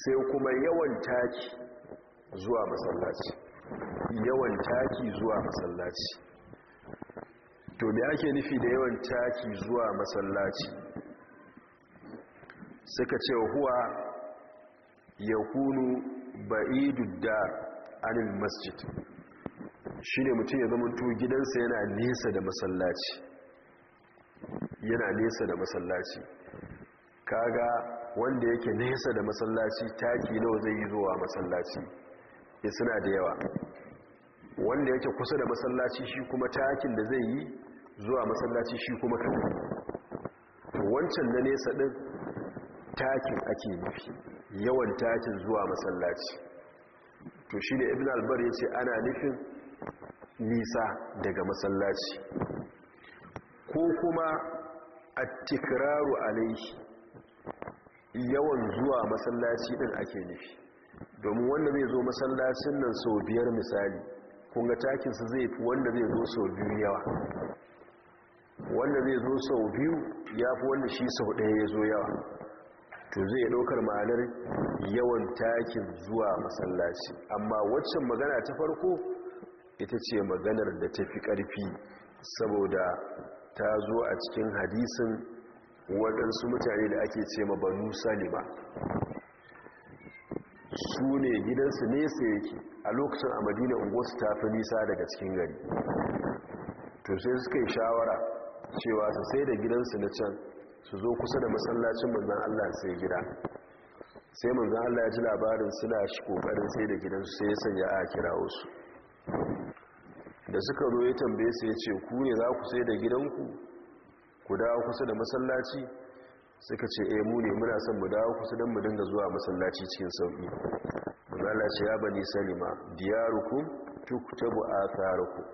sai kuma yawan taki zuwa masallaci yawan taki zuwa masallaci to me ake nufi da yawan taki zuwa masallaci suka ce huwa yakunu ba'idud dar anil masjid shine mutum ya zama to gidansa yana nesa da masallaci yana nesa da masallaci kaga wanda yake nesa da masallaci taki nawa zai yi zuwa masallaci ya eh, suna da yawa wanda yake kusa da masallaci shi kuma takin da zai yi zuwa masallaci shi kuma To wancan na nesa ɗin takin ake nufi yawan takin zuwa masallaci to shi ne ibn albar ya ce ana nufin nisa daga masallaci ko kuma attikiraru alaihi yawan zuwa masallaci din ake nufi domin wanda zai zo masallacin nan sau biyar misali kunga takinsa zai fi wanda zai zo sau biyu yawa wanda zai zo sau biyu ya fi wanda shi sau ɗaya ya zo yawa to zai ɗaukar ma'anar yawan takin zuwa masallaci amma waccan magana ta farko ita ce maganar da ta fi ƙarfi saboda ta zo a cikin hadisin waɗansu mutane da ake ce ma banu salima su ne gidansu nesa yake a lokacin a madina unguwarsu ta fi nisa daga cikin gari to sai suka yi shawara cewa su sai da gidansu na can su zo kusa da masallacin manzan allah sai gida sai manzan allah ya ji labarin suna shi kokarin sai da gidansu sai ya sanya a kira wasu da suka zo ya tambaye su ya ce ku ne za ku sai da gidanku ku dawo kusa da masallaci suka ce eh mu ne muna son mu dawo kusa don mu dinga zuwa masallaci cikin sauki manzala ce ya bani salima diyarukum tuktabu atharukum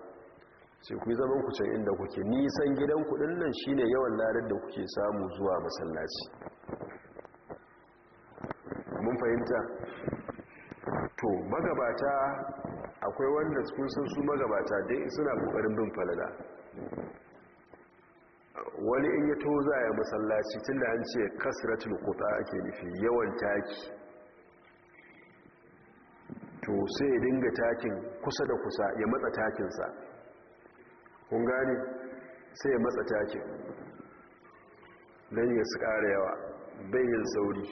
sai ku zaman ku can inda kuke nisan gidan din nan shine yawan ladar da kuke samu zuwa masallaci mun fahimta to magabata akwai wanda sun san su magabata dai suna kokarin bin falala wani in ya toza ya masallaci tun da an ce kasratul kuta ake nufi yawan taki to sai ya dinga takin kusa da kusa ya matsa takinsa kun gane sai ya matsa takin don ya su ƙara yawa bayan sauri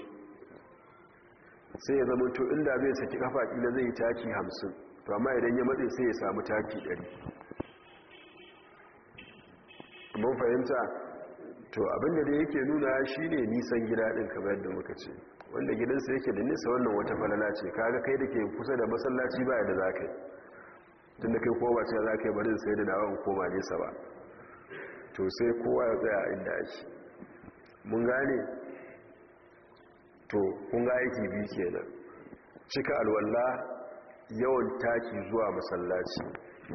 sai ya zama to inda bai saki kafa ƙila zai yi taki hamsin to amma idan ya matse sai ya samu taki ɗari mun fahimta to abinda da yake nuna shi ne nisan gida ɗin kamar yadda muka ce wanda gidansa yake da nisa wannan wata falala ce kaga kai da ke kusa da masallaci ba da za ka yi tun da kai kowa ce za ka yi barin sai da nawa koma nesa ba to sai kowa ya tsaya inda ake mun gane to kun ga aiki biyu kenan cika alwallah yawan taki zuwa masallaci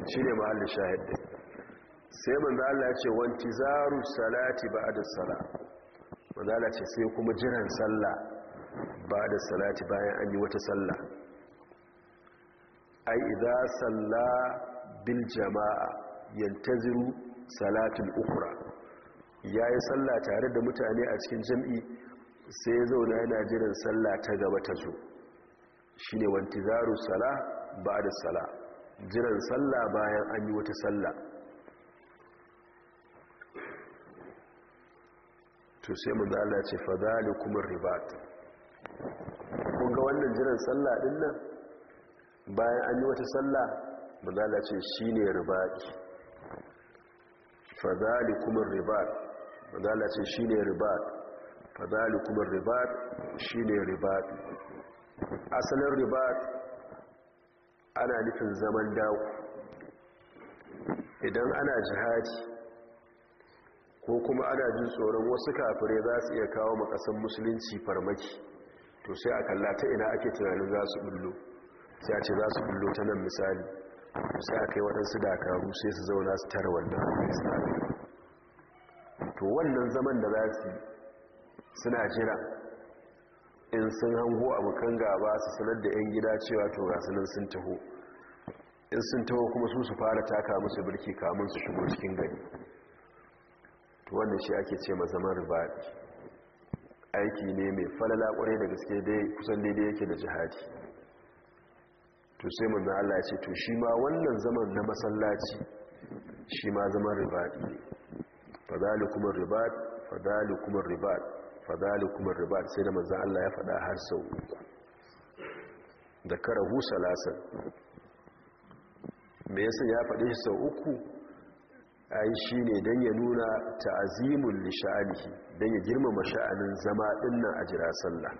shine mahallin shahid sai manzo Allah ya ce wantizaru salati da sala manzo ce sai kuma jiran salla sallah da salati bayan an yi wata sallah ai idza salla bil jama'a yantaziru salatul ukhra yayi sallah tare da mutane a cikin jami'i sai zauna yana jiran sallah ta gaba ta zo shi ne zaru sala ba da sala jiran sallah bayan an yi wata sallah to sai mu zala ce fadali kuma ribat ga wannan jiran sallah din nan bayan an yi wata sallah mu zala ce shi ne ribaki fadali kuma ribat mu zala ce shi ne ribat fadali kuma ribat shi ne ribat asalin ribat ana nufin zaman dawo idan ana jihadi ko kuma ana jin tsoron wasu kafirai za su iya kawo makasan musulunci farmaki to sai a kalla ta ina ake tunanin za su bullo sai a ce za su bullo ta nan misali sai a kai waɗansu dakaru sai su zauna su tara wannan to wannan zaman da za su suna jira in sun hango abokan gaba su sanar da 'yan gida cewa to gasanin sun taho in sun taho kuma su su fara taka musu birki kamun su shigo cikin gari to wanda shi ake ce ma zaman ribaɗi aiki ne mai falala ƙwarai da gaske dai kusan daidai yake da jihadi to sai mun da Allah ce to shi ma wannan zaman na masallaci shi ma zaman ribaɗi ne fadali kuma ribaɗi fadali kuma ribaɗi kuma riba sai da manzon Allah ya faɗa har sau uku da husa salasan me yasa ya faɗi shi sau uku ai shi ne don ya nuna ta'azimun lisha'anihi don ya girmama sha'anin zama dinnan a jira sallah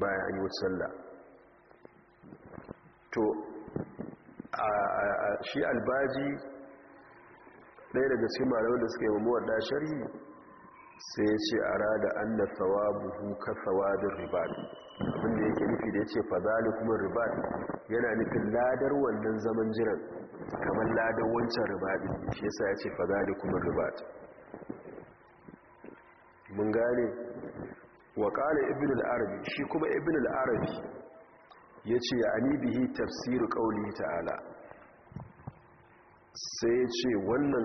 bayan an yi wuce sallah to shi albaji ɗaya daga cikin malamai da suka yi mamuwar dashari sai ya ce a rada an da tsawabu hukar tsawabin ribat abinda yake nufi da ya ce fazali kuma ribat yana nufin ladar wannan zaman jiran kamar ladar wancan ribat shi yasa ya ce fazali kuma ribat mun gane wa ibn al shi kuma ibn al ya ce ani bihi tafsiru ƙauli ta'ala sai ya ce wannan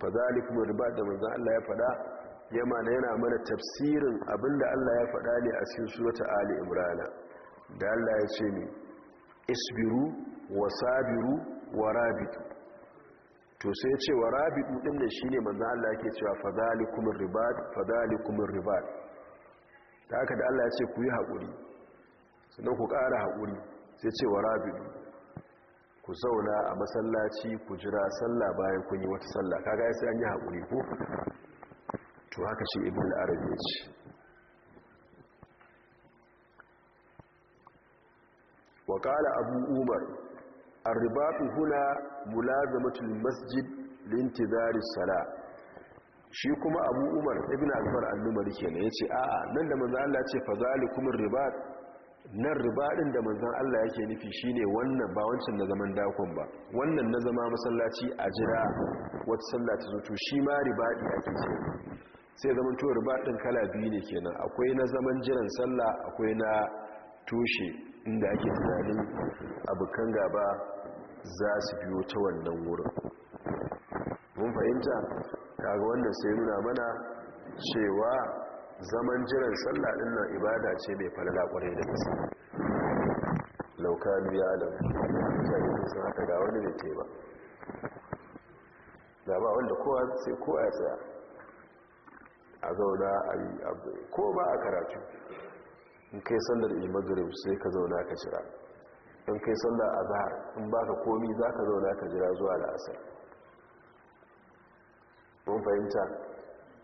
fazali kuma ribat da manzan Allah ya fada yamana yana mana tafsirin abinda Allah ya faɗa ne a cikin surata ali imrana da Allah ya ce ne isbiru wa sabiru wa rabitu to sai ce wa rabitu din da shine manzo Allah yake cewa fadhalikumur ribad fadhalikumur da haka da Allah ya ce ku yi hakuri sannan ku ƙara hakuri sai ce wa rabitu ku zauna a masallaci ku jira sallah bayan kun yi wata sallah kaga sai an yi hakuri ko to haka shi ibn al-arabi ya ce wa kala abu umar ar-ribatu huna mulazamatul masjid lintizari sala shi kuma abu umar ibn al-far al-numari kenan yace a'a nan da manzon Allah ce fa zalikum ribat nan ribadin da manzon Allah yake nufi shine wannan ba wancan na zaman dakon ba wannan na zama masallaci a jira wata sallah ta zo to shi ma ribadi ake ce sai zaman tuwa riba kala biyu ne kenan akwai na zaman jiran sallah akwai na tushe inda ake tunanin abokan gaba za su biyo ta wannan wurin mun fahimta kaga wannan sai nuna mana cewa zaman jiran sallah ɗin nan ibada ce mai falala ƙwarai da kasa. Laukalu ya alam mutane sun haka ga wani da ke ba da ba wanda kowa sai kowa ya tsaya a zauna a yi abu ko ba a karatu in kai sallar ilmagrib sai ka zauna ka jira in kai sallar azhar in ba ka komi za ka zauna ka jira zuwa da asar mun fahimta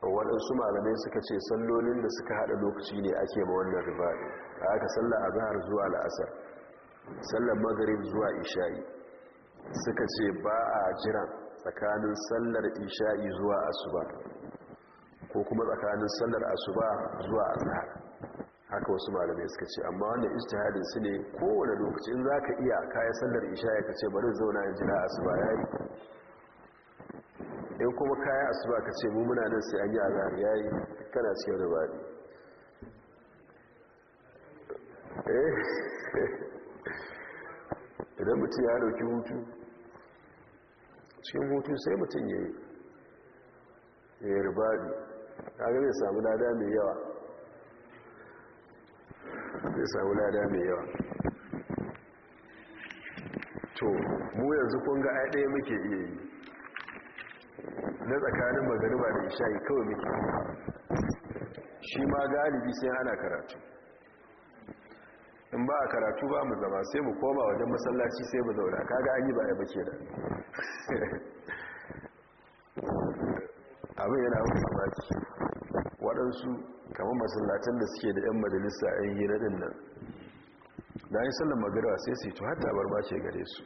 waɗansu malamai suka ce sallolin da suka haɗa lokaci ne ake ma wannan ribari a aka sallar azhar zuwa la'asar sallar magrib zuwa isha'i suka ce ba a jiran tsakanin sallar isha'i zuwa asuba ko kuma tsakanin sallar asuba zuwa azhar haka wasu malamai suka ce amma wannan ijtihadin su ne kowane lokacin za ka iya kayan sallar isha ya kace bari zauna in jira asuba yayi in kuma kayan asuba ka ce mu muna nan sai an yi ya yayi kana cikin rubani eh idan mutum ya dauki hutu cikin hutu sai mutum ya yi rubari kaga zai samu lada mai yawa zai samu lada mai yawa to mu yanzu kun ga ai ɗaya muke iya yi na tsakanin magariba da isha'i kawai muke shi ma galibi sai ana karatu in ba a karatu ba mu zama sai mu koma wajen masallaci sai mu zauna kaga an yi ba ya bace da abin yana wani mamaki waɗansu kamar masallatan da suke da 'yan majalisa 'yan hira ɗin nan da yi sallan magarawa sai su yi to hatta barba ce gare su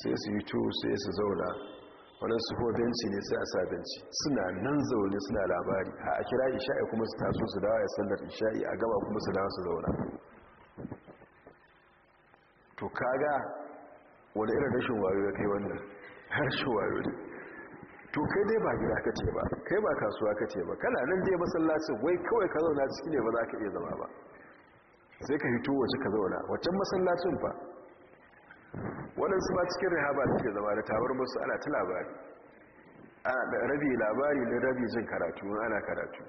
sai su yi to sai su zauna waɗansu ko benci ne sai a sa benci suna nan zaune suna labari a kira isha'i kuma su taso su dawa ya sallar isha'i a gaba kuma su dawa su zauna to kaga wani irin rashin wayo ya kai wannan harshen wayo ne to kai dai ba gida ka ce ba kai ba kasuwa ka ce ba kana nan dai masallacin wai kawai ka zauna ciki ne ba za ka iya zama ba sai ka fito waje ka zauna waccan masallacin fa waɗansu ba cikin rihaba suke zama da tabar musu ana ta labari ana rabi labari na rabi jin karatu ana karatu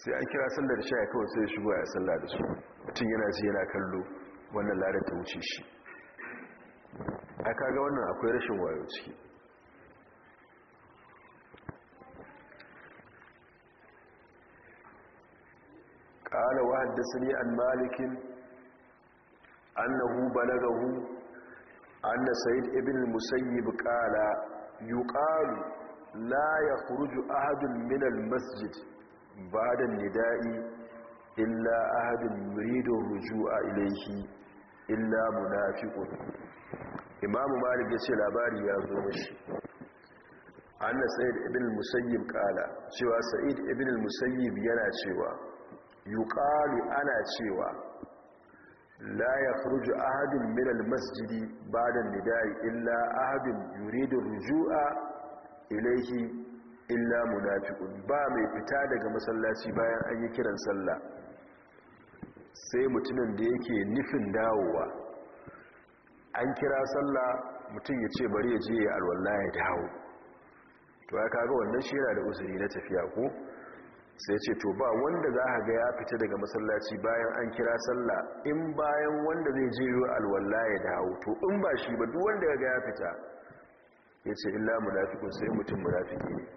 sai an kira sallar sha kawai sai shigo ya salla da su mutum yana ji yana kallo wannan lalata wuce shi a kaga wannan akwai rashin wayo ciki قال وحدثني عن مالك انه بلغه ان سيد ابن المسيب قال يقال لا يخرج احد من المسجد بعد النداء الا احد يريد الرجوع اليه الا منافق امام مالك يسي لاباري يازو مشي ان سيد ابن المسيب قال شيوا سيد ابن المسيب ينا سوى yuqalu ana cewa la yakhruju ahadun min almasjidi ba'da nidai illa ahadun yuridu rujua ilayhi illa munafiqun ba mai fita daga masallaci bayan an yi kiran sallah sai mutumin da yake nufin dawowa an kira sallah mutum ya ce bari ya je ya alwallahi dawo to ya kaga wannan shi yana da uzuri na tafiya ko sai ce to ba wanda za ga ya fita daga masallaci bayan an kira sallah in bayan wanda zai je yi alwala ya dawo to in ba shi ba duk wanda ga ya fita ya ce illa mulafikun sai mutum mulafiki ne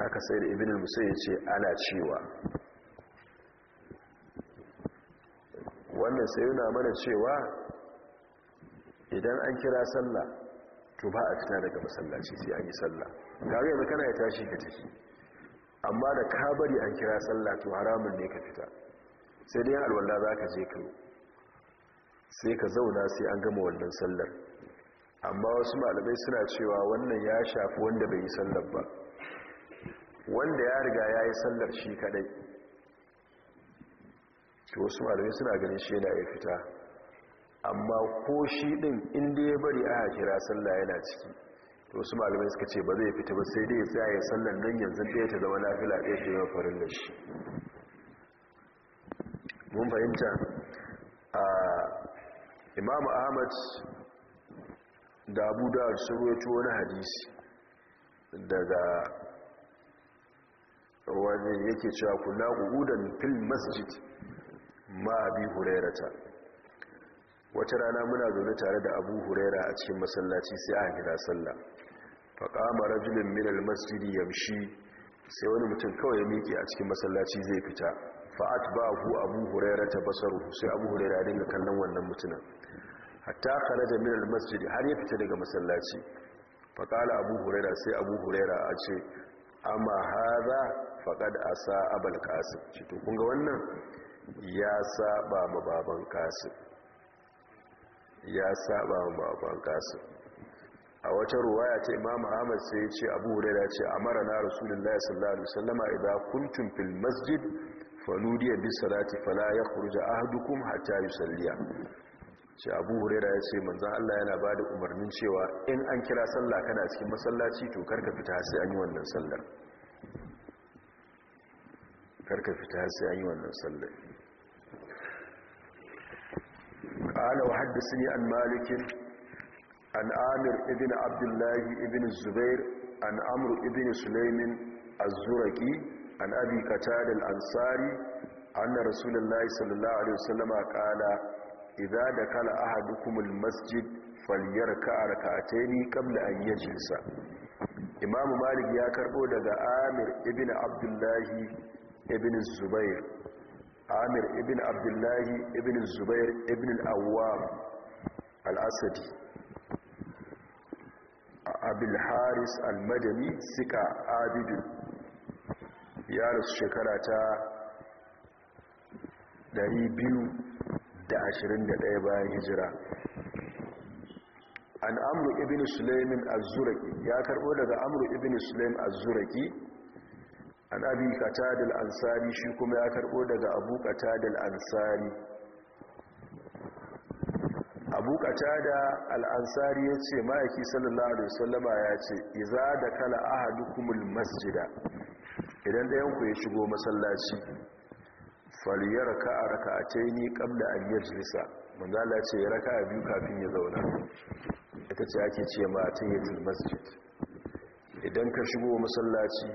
haka sai da ibn musa ya ce ana cewa wannan sai yana mana cewa idan an kira sallah to ba a fita daga masallaci sai an yi sallah gari yanzu kana ya tashi ka tafi amma da ka bari an kira sallah to haramun ne ka fita sai dai alwala za ka je ka sai ka zauna sai an gama wannan sallar amma wasu malamai suna cewa wannan ya shafi wanda bai yi sallar ba wanda ya riga ya yi sallar shi kadai to wasu malamai suna ganin shi yana ya fita amma ko shi din inda ya bari aka kira sallah yana ciki wasu malamai suka ce ba zai fita ba sai dai tsaya ya sallan nan yanzu ɗaya ta zama lafila ɗaya ke yawan farin da shi mun fahimta a imamu ahmad da abu da sun tuwo wani hadisi daga wani yake cewa kula gugudan fil masjid ma bi hurairata wata rana muna zaune tare da abu huraira a cikin masallaci sai a gida sallah faƙama rajulun minal masjidi yamshi sai wani mutum kawai ya miƙe a cikin masallaci zai fita fa'at ba ku abu hurera ta basaru sai abu huraira dinga kallon wannan mutumin hatta da minal masjidi har ya fita daga masallaci faƙala abu huraira sai abu huraira a ce amma haza faƙad a abal kasib ce to kun wannan ya saba ma baban a wata ruwaya ta imamu ahmad sai ya ce abu ya ce a mara na rasulullahi sallallahu alaihi idan kuntum fil masjid fanudiya salati fala yakhruju ahadukum hatta yusalliya ce abu huraira ya ce manzan allah yana ba da umarnin cewa in an kira sallah kana cikin masallaci to karka fita sai an yi wannan sallar karka fita sai an yi wannan sallar wa haddasa an malikin an amir ibn abdullahi ibn zubair an amru ibn sulaimin az-zuraki an abi qatada al-ansari anna rasulullahi sallallahu alaihi wasallam qala idza dakala ahadukum al-masjid falyarka rak'ataini qabla an yajlisa imam malik ya karbo daga amir ibn abdullahi ibn zubair amir ibn abdullahi ibn zubair ibn al-awwam al-asadi abil haris al sika abidu ya rasu shekara ta 221 bayan hijira an amru ibn sulaimin azuraki ya karbo daga amru ibn sulaim azuraki an abi qatadal ansari shi kuma ya karbo daga abu qatadal ansari abu da al'ansari ya ce ma'aiki sallallahu alaihi wasallama da kala aha ahadukumul masjida idan da yanku ya shigo masallaci falyarka rak'ataini qabla an yajlisa manzo Allah ce ya raka a biyu kafin ya zauna ita ce ake ce ma tayyatul masjid idan ka shigo masallaci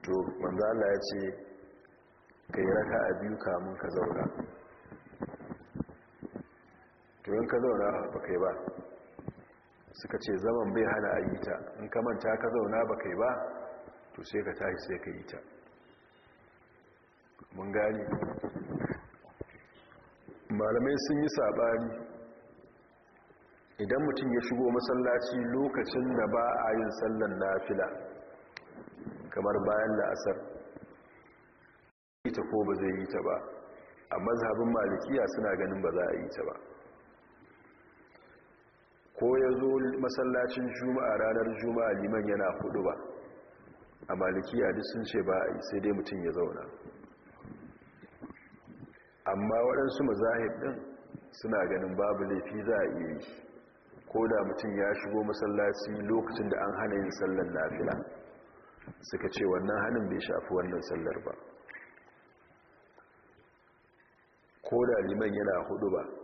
to manzo Allah ya ce yi raka biyu kamun ka zauna to ka zauna ba kai ba suka ce zaman bai hana a yi ta in ka manta ka zauna ba kai ba to sai ka tashi sai ka yi ta mun gani malamai sun yi sabani idan mutum ya shigo masallaci lokacin da ba a yin sallan nafila kamar bayan la'asar ita ko ba zai yi ta ba a mazhabin malikiya suna ganin ba za a yi ta ba ko ya zo masallacin juma'a ranar juma'a liman yana hudu ba a maliki duk sun ce ba yi sai dai mutum ya zauna amma waɗansu mazahib ɗin suna ganin babu laifi za a iya yi ko da mutum ya shigo masallaci lokacin da an hana yin sallar lafila suka ce wannan hannun bai shafi wannan sallar ba ko da liman yana hudu ba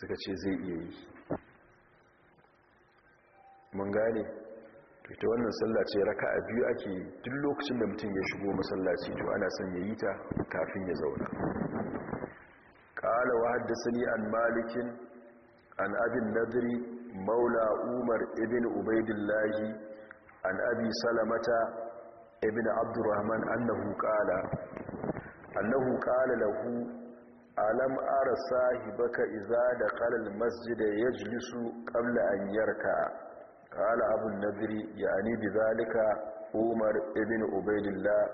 suka ce zai iya yi mun gane ita wannan sallace raka a biyu ake duk lokacin da mutum ya shigo masallaci to ana son ya yi ta kafin ya zauna ƙala wa ni an malikin an abin nadiri maula umar ibn ubaidillahi an abi salamata ibn abdurrahman annahu ƙala annahu ƙala lahu alam ara sahibaka iza da kalal masjida ya jilisu ƙabla an yarka kala abun nadiri ya ni bi zalika umar ibn ubaidillah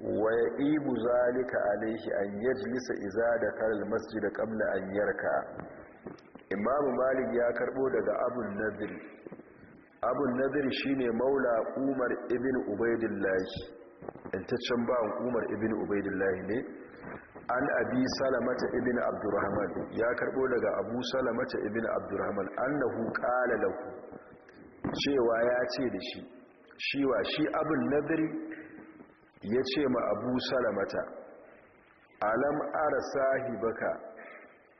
wa ya ibu zalika alaihi an yajlisa iza da kalal masjida ƙabla an yarka imamu malik ya karbo daga abun nadiri abun nadiri ne maula umar ibn ubaidillahi intaccen ba umar ibn ubaidillahi ne an abi salamata ibn abdurrahman ya karbo daga abu salamata ibn abdurrahman annahu qala lahu cewa ya ce da shi Shi wa shi abin nadri ya ce ma abu salamata alam ara sahibaka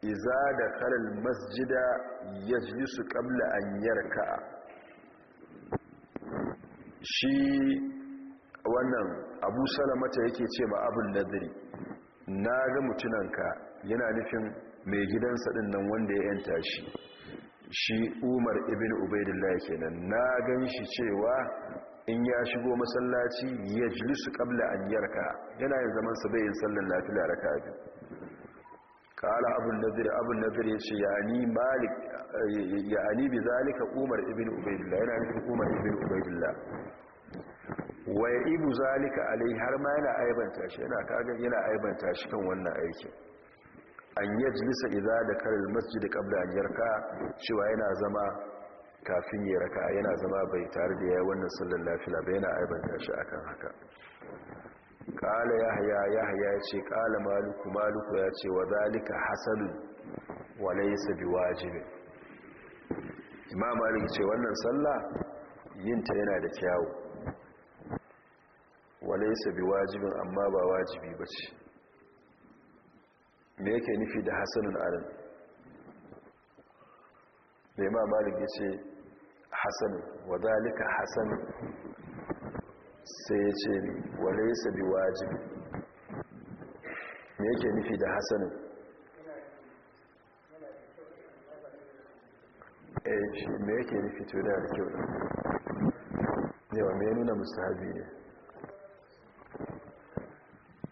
iza da kalal masjida ya ji su kabla an ka'a. shi wannan abu salamata yake ce ma abin nadri na ga mutunanka yana nufin mai gidansa ɗin nan wanda ya yanta shi shi umar ibn ubaidillah kenan na gan shi cewa in ya shigo masallaci ya jilisu kabla an yarka yana yin zamansa bai yin sallan lafiya raka abin kala abun nazir abun nazir ya ce ya malik bi zalika umar ibn ubaidillah yana nufin umar ibn ubaidillah waya ibu zalika alai har ma yana aibanta shi yana kaga yana aibanta shi kan wannan aikin an yajlisa idza da karar masjid qabla an yarka cewa yana zama kafin ya raka yana zama bai tare da yayi wannan sallar lafiya ba yana aibanta shi akan haka qala yahya yahya yace qala maliku maliku yace wa zalika hasanun wa laysa biwajibin imam malik ce wannan sallah yinta yana da kyawu walaisa bi wajibin amma ba wajibi ba ce me yake nufi da hasanun adam mai ma malik ya ce hasanun wadalika hasanun sai ya ce walaisa bi wajibi me yake nufi da hasanun eh, me yake nufi to da kyau yawa mai nuna musahabi ne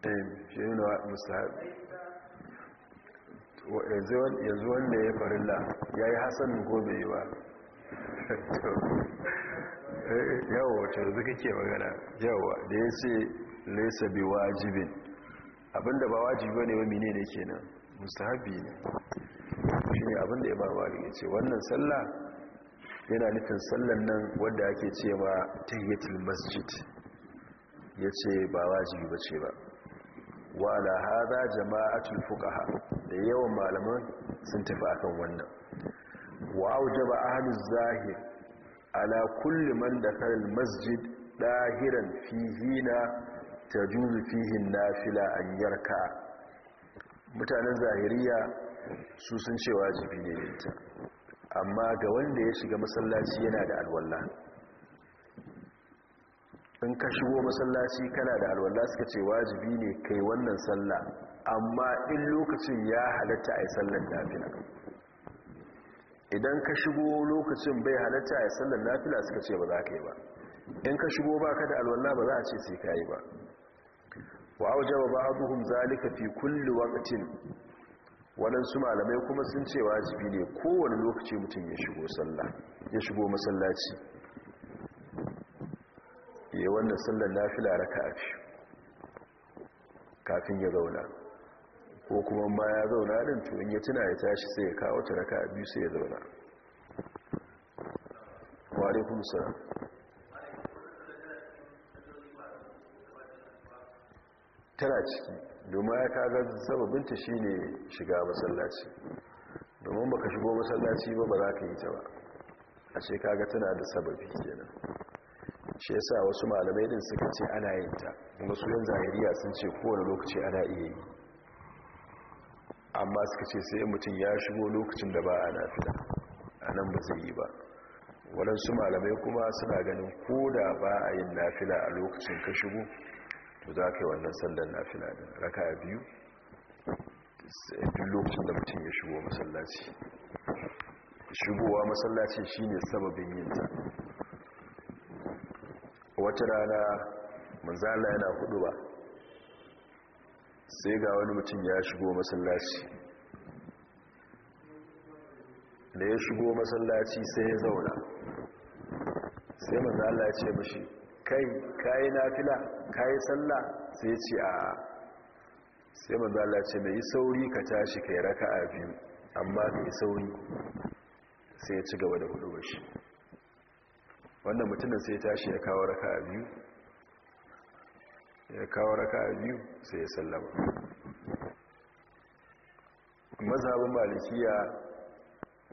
Eh, shi yanzu wanda ya farilla ya yi hasanin gobe yi ba eh, eh, yawon wacce da zuka ke magana yawon da ya ce laisa bi wajibin abinda ba wajibi ba ne wa mine ne kenan musahabi ne shi ne abinda ya ba mali ya ce wannan sallah yana nufin sallan nan wadda ake ce ma tahiyatul masjid ya ce ba wajibi ba ce ba wa ala hadha jama'atul fuqaha da yawan malaman sun tafi akan wannan wa aujaba ahluz zahir ala kulli man dakhala almasjid masjid dahiran fihi na tajuzu fihi nafila an yarka mutanen zahiriya su sun ce wajibi ne amma ga wanda ya shiga masallaci yana da alwala in ka shigo masallaci kana da alwala suka ce wajibi ne kai wannan sallah amma in lokacin ya halatta a yi sallar nafila idan ka shigo lokacin bai halatta a yi sallar nafila suka ce ba za ka yi ba in ka shigo ba ka da alwala ba za a ce sai ka yi ba wa ba abuhun zalika fi kulli waqtin waɗansu malamai kuma sun ce wajibi ne kowane lokaci mutum ya shigo masallaci yi wannan sallar nafila raka a ce kafin ya zauna ko kuma ma ya zauna din to ya tuna ya tashi sai ya kawo ta raka a biyu sai ya zauna kuma tana ciki domin ya kaga ta shi ne shiga masallaci domin baka shigo masallaci ba ba za ka yi ta ba a ce kaga tana da sababi kenan shi yasa wasu malamai din suka ce ana yin ta kuma su yan zahiriya sun ce kowane lokaci ana iya yi amma suka ce sai mutum ya shigo lokacin da ba a nafila a nan ba zai yi ba waɗansu malamai kuma suna ganin ko da ba a yin nafila a lokacin ka shigo to za ka yi wannan sandan nafila din raka biyu duk lokacin da mutum ya shigo masallaci shigowa masallaci shine sababin yin ta wata rana manzala yana hudu ba sai ga wani mutum ya shigo masallaci da ya shigo masallaci sai ya zauna sai manzala ya ce mashi kai kayi nafila kayi sallah sai ya ce a sai manzala ce mai sauri ka tashi kai raka a biyu amma mai sauri sai ya ci gaba da hudu shi wannan mutumin sai tashi ya kawo raka a biyu ya kawo raka a biyu sai ya sallama mazhabin malikiya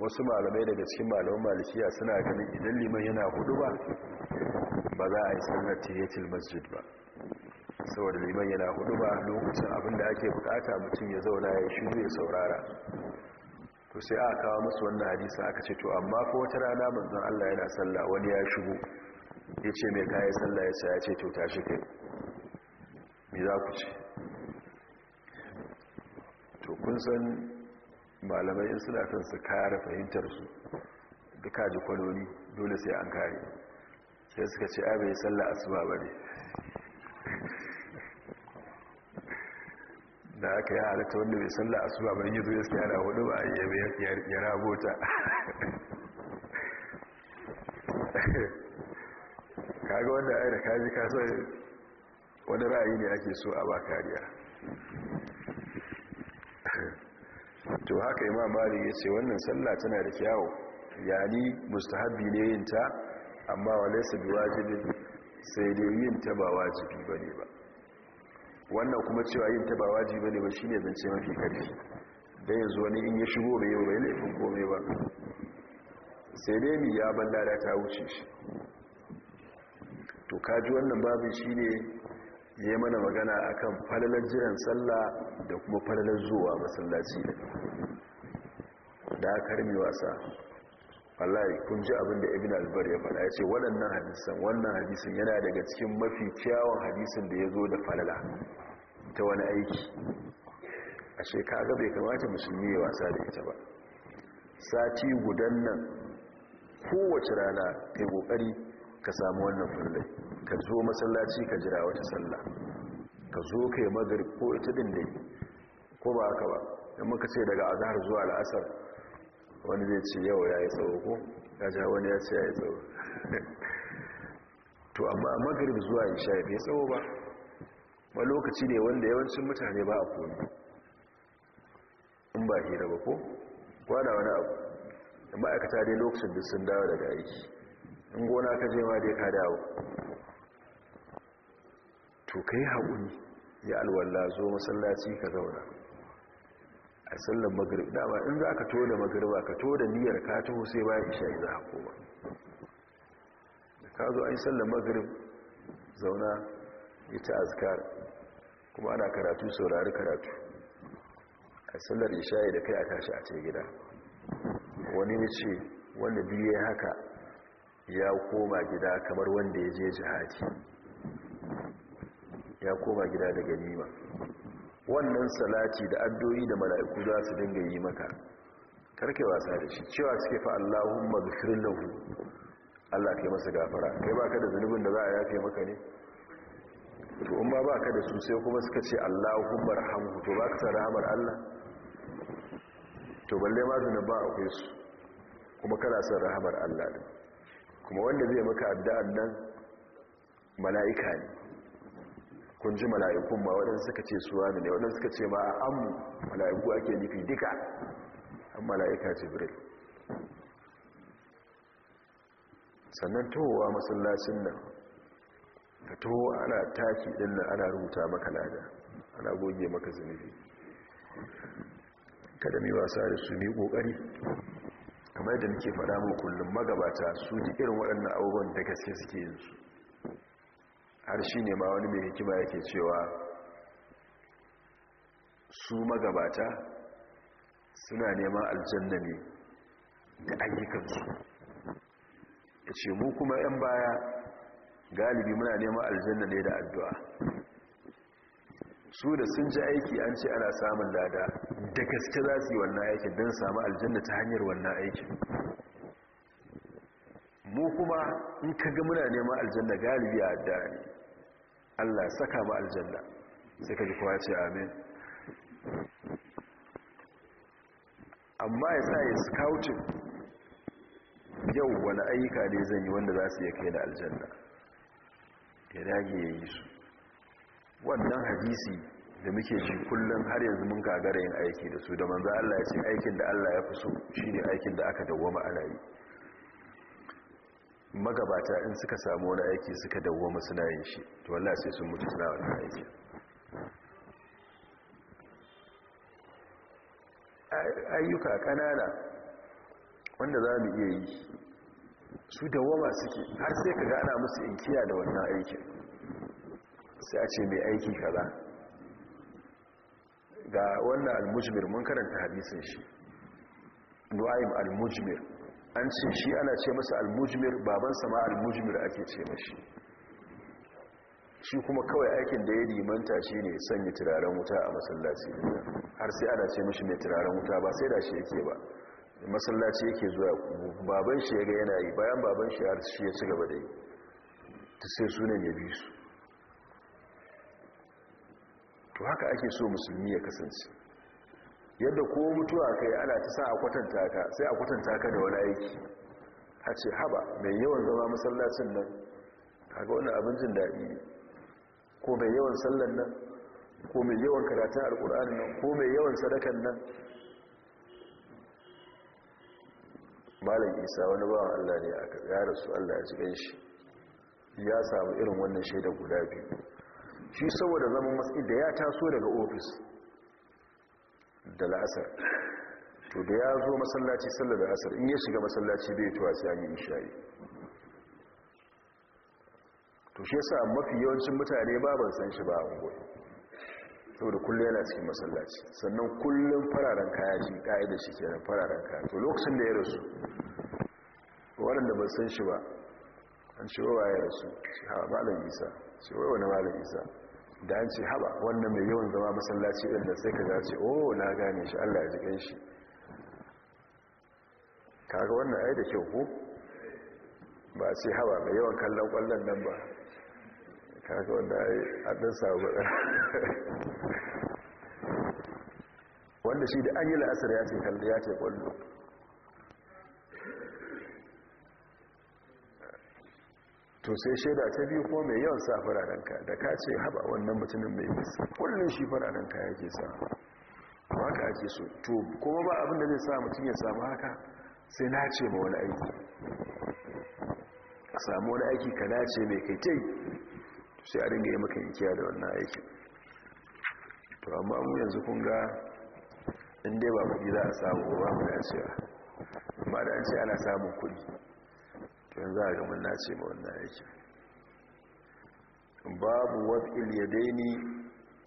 wasu malamai daga cikin malaman malikiya suna ganin idan liman yana hudu ba ba za a yi sallar tiyatil masjid ba saboda liman yana hudu ba lokacin abinda ake bukata mutum ya zauna ya shiru ya saurara to sai aka kawo musu wannan hadisi aka ce to amma ko wata rana manzon Allah yana sallah wani ya shigo yace me mai kayi sallah yace ya ce to tashi kai me za ku ce to kun san malamai in suna kan su kare fahimtar su duka ji kwaloli dole sai an kare sai suka ce abai sallah asuba bane da aka yi halatta wanda bai salla a su ban yi zo ya tsaya hudu ba ya rabota kaga wanda aina kaji kasa wani ra'ayi ne ake so a ba kariya to haka imam bari ya ce wannan salla tana da kyawu yani mustahabbi ne yinta amma wa laysa biwajibin sai dai yinta ta ba wajibi bane ba wannan kuma cewa yin ta ba wajibi ne ba shine zance mafi karfi da yanzu wani in ya shigo bai yau bai laifin komai ba sai dai mi ya ban lada ta wuce shi to kaji wannan babin shine ya mana magana akan falalar jiran sallah da kuma falalar zuwa masallaci da aka rami wasa wallahi kun ji abin da ibn albar ya faɗa ya ce waɗannan hadisan wannan hadisin yana daga cikin mafi kyawun hadisan da ya zo da falala ta wani aiki a shekara bai kamata musulmi ya wasa da ita ba sati gudan nan kowace rana ta kokari ka samu wannan fallai ka zo masallaci ka jira wata sallah ka zo ka yi ko ita din ko ba haka ba da muka ce daga azahar zuwa al'asar wani zai ce yau ya yi tsawo ko ya ja wani ya ce ya yi tsawo to amma a magarib zuwa isha ya tsawo ba ba lokaci ne wanda yawancin mutane ba a komi in ba hira ba ko kwana wani abu da ma'aikata dai lokacin duk sun dawo daga aiki in gona ka je ma dai ka dawo to ka yi haƙuri ya alwalla zo masallaci ka zauna a sallar magrib dama in za ka tona da ka tona niyyar ka taho sai bayan isha'i za a koma da ka zo an sallar magrib zauna ita azkar kuma ana karatu saurari karatu a sallar yi da kai a tashi a ce gida wani ya ce wanda ya haka ya koma gida kamar wanda ya je jihadi ya koma gida daga nima. wannan salati da addu'o'i da mala'iku za su dinga yi maka karke wasa da shi cewa suke fa Allahumma ghfir lahu Allah kai masa gafara kai baka da zunubin da za a yafe maka ne to in ma baka da su sai kuma suka ce Allahumma arhamhu to baka sa rahmar Allah to balle ma zunuba akwai su kuma kana son rahmar Allah kuma wanda zai maka addu'a nan mala'ika ne kun ji mala'ikun ma waɗansu suka ce suwa ne waɗansu suka ce ma an mala'iku ake nufi duka an mala'ika jibril sannan towa masallacin nan ta towa ana taki ɗin nan ana rubuta maka lada ana goge maka zunubi kada mai wasa da su ne ƙoƙari kamar da nake faɗa mu kullum magabata su ji irin waɗannan abubuwan da gaske suke yin su har shi ne ma wani mai hikima yake cewa su magabata suna neman aljanna ne da ayyukansu ya ce mu kuma 'yan baya galibi muna neman aljanna ne da addu'a su da sun ji aiki an ce ana samun lada da gaske za su yi wannan aikin don samu aljanna ta hanyar wannan aikin mu kuma in kaga muna neman aljanna galibi a addu'a ne Allah saka mu aljanna sai ka ji kowa ce amin amma ya sa ya scouting yau wani ayyuka ne zan yi wanda za su iya kai da aljanna ya dage ya yi su wannan hadisi da muke ji kullum har yanzu mun gagara yin aiki da su da manzo Allah ya ce aikin da Allah ya fi so shi ne aikin da aka dawwama ana yi magabata in suka samu wani aiki suka dawo suna yin shi to wallahi sai sun mutu suna wani aiki ayyuka kanana wanda za mu iya yi su dawoma suke har sai ka gana musu inkiya da wannan aikin sai a ce mai aiki kaza ga wannan almujmir mun karanta hadisin shi du'aim almujmir an ce shi ana ce masa almujmir babansa ma almujmir ake ce mashi shi kuma kawai aikin da ya limanta shi ne sanya turaren wuta a masallaci har sai ana ce mashi mai turaren wuta ba sai da shi yake ba masallaci yake zuwa baban shi ya ga yana yi bayan baban shi har shi ya ci gaba da yi ta sai sunan ya bi su to haka ake so musulmi ya kasance yadda ko mutuwa kai ana ta sa a kwatanta ka sai a kwatanta ka da wani aiki a ce haba mai yawan zama masallacin nan kaga wannan abincin daɗi ko mai yawan sallan nan ko mai yawan karatun alkur'ani nan ko mai yawan sadakan nan malam isa wani bawan allah ne a ya su allah ya cikin shi ya samu irin wannan shaida guda biyu shi saboda zaman masu da ya taso daga ofis da la'asar to da ya zo masallaci sallar da asar in ya shiga masallaci bai tuwa sai an yi isha'i to shi yasa mafi yawancin mutane ba ban san shi ba a ungoyi saboda kullum yana cikin masallaci sannan kullum fararen kaya shi ka'idar shi kenan fararen kaya to lokacin da ya rasu waɗanda ban san shi ba an shi wa ya rasu shi ha malam isa shi wai wani malam isa da an ce haba wannan mai yawan zama masallaci inda da sai ka zace o oh, na gane shi allah ya jikin shi kaga wannan ai da kyau ko ba a ce haba mai yawan kallon kwallon nan ba kaga wannan ai sa samu wanda shi da an yi la'asar ya ce kalli ya ce kwallo to sai shaida ta biyu ko mai yawan sa fararen ka da ka ce haɓa wannan mutumin mai fuska kullum shi fararen ka yake sa haka ake so to kuma ba abin da zai sa mutum ya samu haka sai na ce ma wani aiki a samu wani aiki ka nace mai kai kai sai a dinga yi maka yankiya da wannan aiki to amma mu yanzu kun ga in dai ba kudi za a samu ba mu dacewa amma da an ce ana samun kuɗi za a ga na ce ma wannan yake babu wad'il yadaini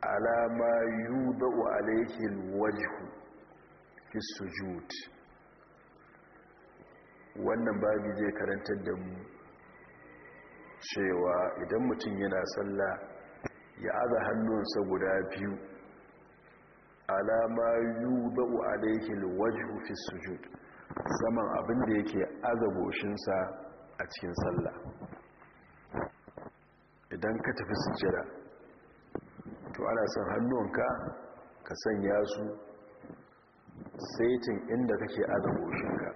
ala ma yudau alayhi alwajhu fi sujud wannan babu zai karantar da mu cewa idan mutum yana sallah ya aza hannunsa guda biyu alama yudau alayhi alwajhu fi sujud zaman abin da yake aza goshinsa a cikin sallah idan ka tafi sujjada to ana san hannunka ka sanya su saitin inda kake aza goshinka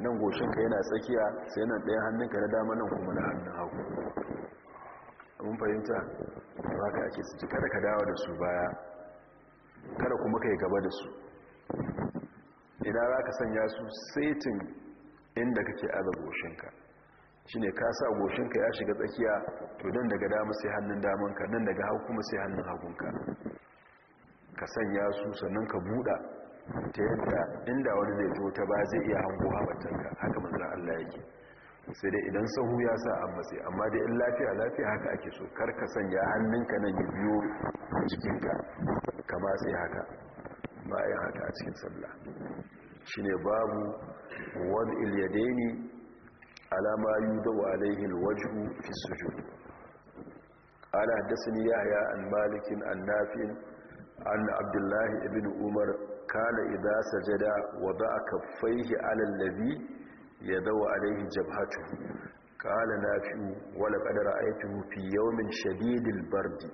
nan goshinka yana tsakiya sai nan ɗaya hannunka na dama nan kuma na hannun hagu abin fahimta ba ka ake su kada ka dawo da su baya kada kuma ka yi gaba da su idan za ka sanya su saitin inda kake aza goshinka shi ne ka sa goshinka ya shiga tsakiya to nan daga dama sai hannun damanka nan daga hau kuma sai hannun hagunka ka sanya su sannan ka buɗa ta yadda inda wani zai zo ta ba zai iya hango haɓatanka haka manzan Allah yake sai dai idan sahu ya sa an sai amma dai in lafiya lafiya haka ake so kar ka sanya hannunka nan ya biyo jikinka ka matse haka yi haka a cikin sallah shine babu wad ilyadaini alama yudu alaihi alwajhu fi sujud ala hadathani yahya an malikin an nafin an abdullahi ibn umar kana idza sajada wada'a kaffaihi alallabi alladhi yadaw alaihi jabhatu qala nafi wala qad ra'aytuhu fi yawmin shadidil bardi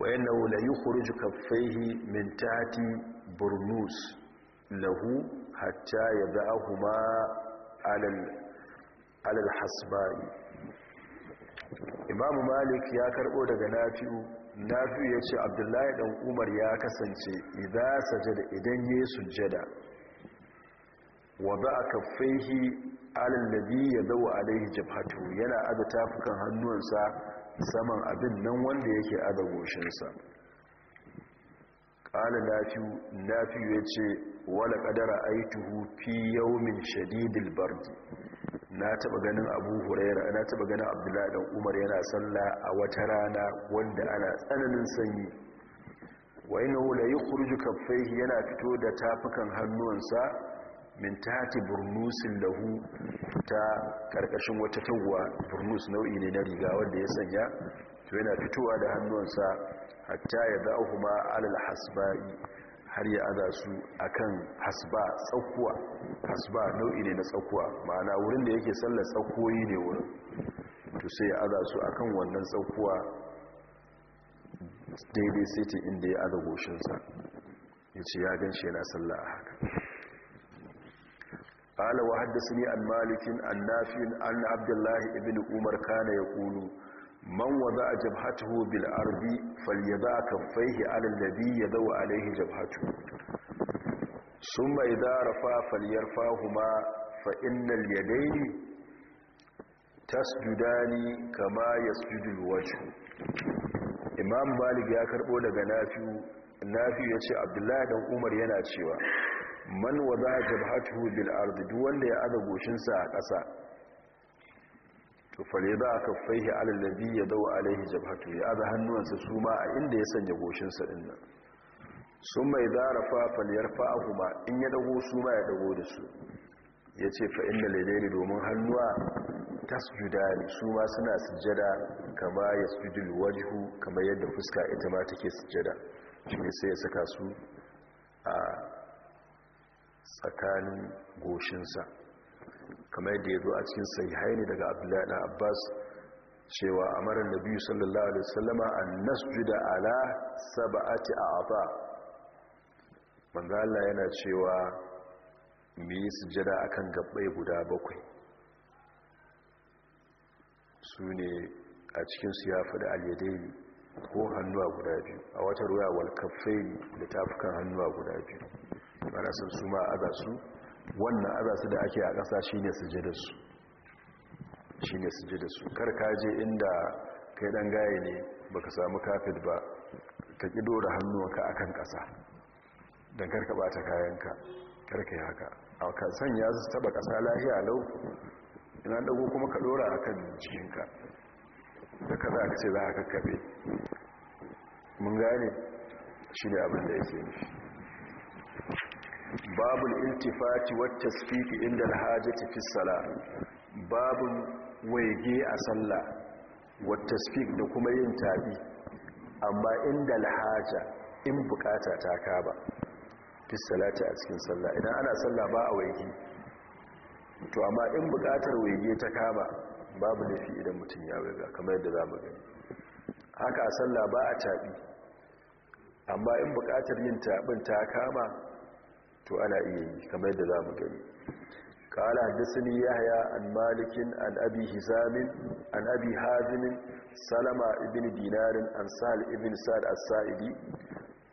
wa innahu la yi kaffaihi min mintati burnus lahu hatta ya da'ahu ma alal hasbari imamu malik ya karbo daga nafi'u nafi'u ya ce abdullahi dan umar ya kasance idan sajada idan ya yi sujjada wa ba a kaffaihi alallabi ya dawo alaihi jabhatu yana aza tafukan hannuwansa saman abin nan wanda yake aza goshinsa ƙala nafi'u nafi'u ya ce wala kadara aituhu fi yawmin shadidil bardi na taba ganin Abu huraira na taba ganin Abdullahi dan Umar yana sallah a wata rana wanda ana tsananin sanyi wa innahu la ƙurji kaffayhi yana fito da tafukan hannuwansa min tahti burnusin lahu ta karkashin wata tawwa burnus nau'i ne na riga wanda ya sanya to yana fitowa da hannuwansa hatta ya da'uhuma alal hasba'i har ya aza su a kan hasba tsakuwa hasba nau'i ne na tsakuwa ma'ana wurin da yake sallar tsakuwoyi ne wurin to sai ya aza su a kan wannan tsakuwa daidai sai inda ya aza goshinsa ya ce ya gan shi yana sallah a haka ala wa haddasa ni an malikin an nafi an abdullahi ibn umar kana ya kulu man waza a jabhatahu bil arbi. falyada kaffaihi alal ya yadau alaihi jabhatu mai idza rafa fahuma fa ya yadayni tasjudani kama yasjudul wajhu imam malik ya karbo daga nafi'u nafi ya ce abdullahi dan umar yana cewa man wada jabhatu bil ardi duk wanda ya aza goshinsa a ƙasa to fare za a kafaihi alallabi ya dawo alaihi jabhatu ya aza hannuwansa su ma a inda ya sanya goshinsa ɗin nan sun mai zarafa faliyar ba in ya dago su ma ya dago da su ya ce fa'in da lalaini domin hannuwa ta ne su ma suna sujjada kama ya sujudul wajihu kama yadda fuska ita ma take sijada shi ne sai ya saka su a tsakanin goshinsa kamar yadda ya zo a cikin sahihaini daga abdullahi na abbas cewa da biyu sallallahu alaihi wasallama an da ala saba'ati a Afa. Allah yana cewa mai yi sujada a kan gabbai guda bakwai su ne a cikin su ya faɗi aliyadai ko hannuwa guda biyu a wata ruwa walkafai da tafukan hannuwa guda biyu ana san su ma aza su wannan azasu da ake a ƙasa shine su. shine su karkaje inda kai dan gaye ne baka samu kafet ba ka kido da hannuwanka akan ƙasa dan karka bata kayanka karka yi haka a kan sanya su taba ƙasa lafiya lau ina dago kuma ka dora akan jikinka da ka za ka ce za ka kakkabe mun gane shi ne abin da yake babu iltifati wat tasfiqi inda alhajati fi salat babu waige a sallah wat tasfiq da kuma yin tabi amma inda alhaja in bukata ta kaba fi salati a cikin sallah idan ana sallah ba a waige to amma in bukatar waige ta kaba babu lafi idan mutum ya waiga kamar yadda zamu gani haka a sallah ba a tabi amma in bukatar yin tabin ta kama to ana iya yi kamar yadda za mu gani kala hadisani yahya an malikin an abi hizamin an hazimin salama Ibin dinarin an sa'al ibn sa'ad as-sa'idi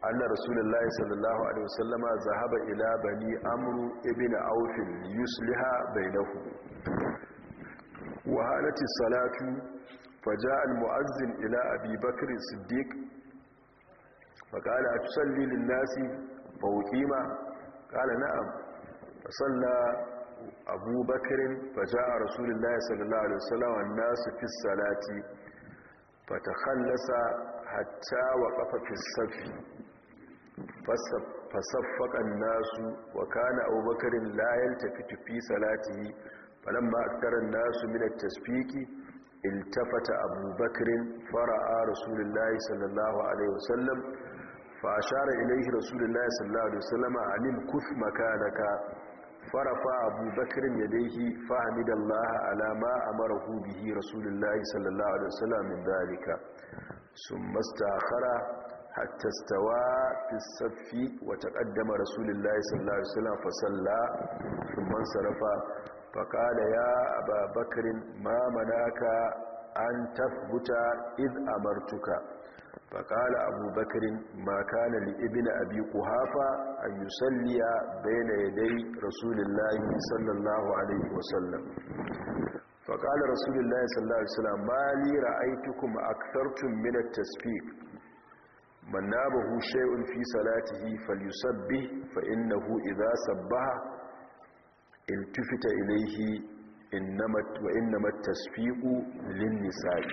anna rasulullah sallallahu alaihi wasallam zahaba ila bani amru ibin auf yusliha bainahu wa halati salatu faja'a al-muazzin ila abi bakr as-siddiq faqala atusalli lin-nasi fa kala na'am salla abu bakirin faja a rasulullah sallallahu alaihi wasallam nasu fi salati fata hallasa hatta wa kafa safi fasaffaƙan nasu wa kana abu layan tafi tufi salati falamma aktarar nasu minar tasfiki iltafata abu bakirin fara'a rasulullah sallallahu alaihi fashara ilaihi rasulullahi sallallahu alaihi wasallam alim kuf makanaka farafa abubakar yadayhi fa hamidallahi ala ma amarahu bihi rasulullahi sallallahu alaihi wasallam min dalika summa istakhara hatta stawa fi saffi wa taqaddama rasulullahi sallallahu alaihi wasallam fa salla thumma sarafa فقال يا أبا بكر ما فقال أبو بكر ما كان لابن أبي قهافة أن يسلي بين يدي رسول الله صلى الله عليه وسلم فقال رسول الله صلى الله عليه وسلم ما لي رأيتكم أكثرتم من التسبيح من نابه شيء في صلاته فليسبه فإنه إذا سبه التفت إليه إنما وإنما التسبيح للنساء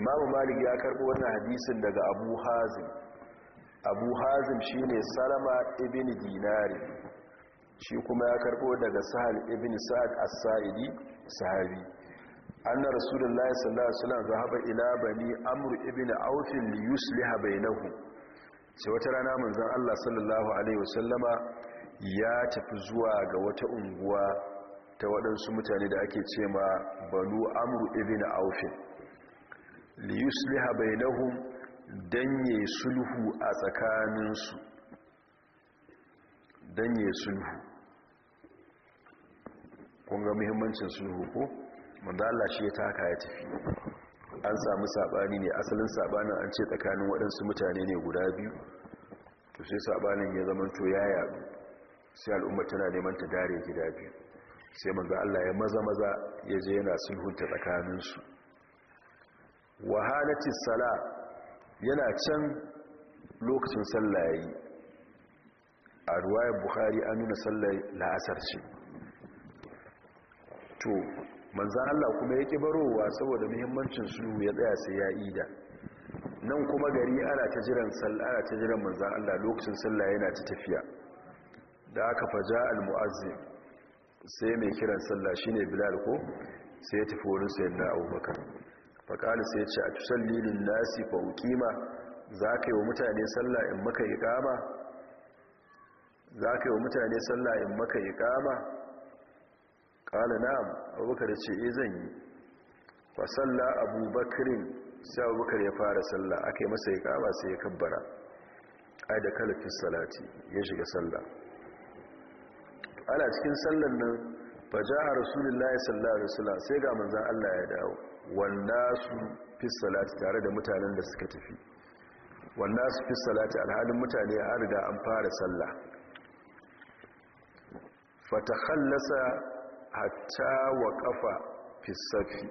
imamu malik ya karbi wannan hadisin daga abu hazim abu hazim shi ne salama ibn dinari shi kuma ya karbo daga sahal ibn sa'ad as-sa'idi sahabi anna rasulullahi sallallahu alaihi wasallam zahaba ila bani amr ibn auf li yusliha bainahu. sai wata rana manzon Allah sallallahu alaihi wasallama ya tafi zuwa ga wata unguwa ta waɗansu mutane da ake ce ma banu amr ibn auf liyusliha bainahum danye sulhu a tsakaninsu danye sulhu kun ga muhimmancin sulhu ko Mandala Allah shi ya taka ya tafi an samu sabani ne asalin sabanin an ce tsakanin waɗansu mutane ne guda biyu to sai sabanin ya zama to ya yadu sai al'umma tana neman ta dare gida biyu sai manzo Allah ya maza maza ya je yana sulhunta tsakaninsu wahalati sala yana can lokacin sallaye a ruwayar Buhari an nuna sallaye la'asar ce to manzan allah kuma ya ƙi barowa saboda muhimmancin su ya tsaya sai ya ida nan kuma gari ana ta jiran sallara ta jiran manzan allah lokacin sallaye yana ta tafiya da aka faja al-mu'azzin sai mai kiran sallah shine bilal ko sai ya tafi wurin sayyidina abubakar faƙali sai ce a lilin nasi fa'ukima za ka yi wa mutane sallah in maka yi ƙama za ka yi wa mutane sallah in maka yi ƙama ƙala na'am abubakar ce e zan yi fa sallah abubakarin sai abubakar ya fara sallah aka yi masa yi ƙama sai ya kabbara ai da kalafin salati ya shiga sallah ana cikin sallan nan ja a rasulullahi sallallahu sallar wasallam sai ga manzan Allah ya dawo wanda su fi salati tare da mutanen da suka tafi wanda su fi salati alhalin mutane har da an fara sallah fatakhallasa hatta wa kafa fi safi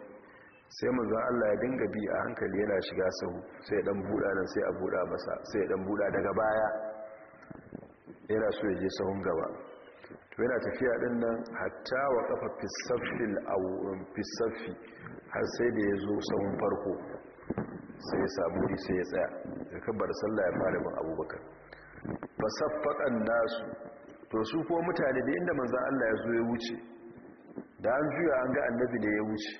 sai zan Allah ya dinga bi a hankali yana shiga sahu sai dan buda nan sai a buda masa sai dan buda daga baya yana so ya je sahun gaba to yana tafiya din nan hatta wa kafa fi safi har sai da ya zo sahun farko sai ya samu sai ya tsaya da kabar sallah ya fara bin abubakar fasaffaƙan nasu to su ko mutane da inda manzan allah ya zo ya wuce da an juya an ga annabi da ya wuce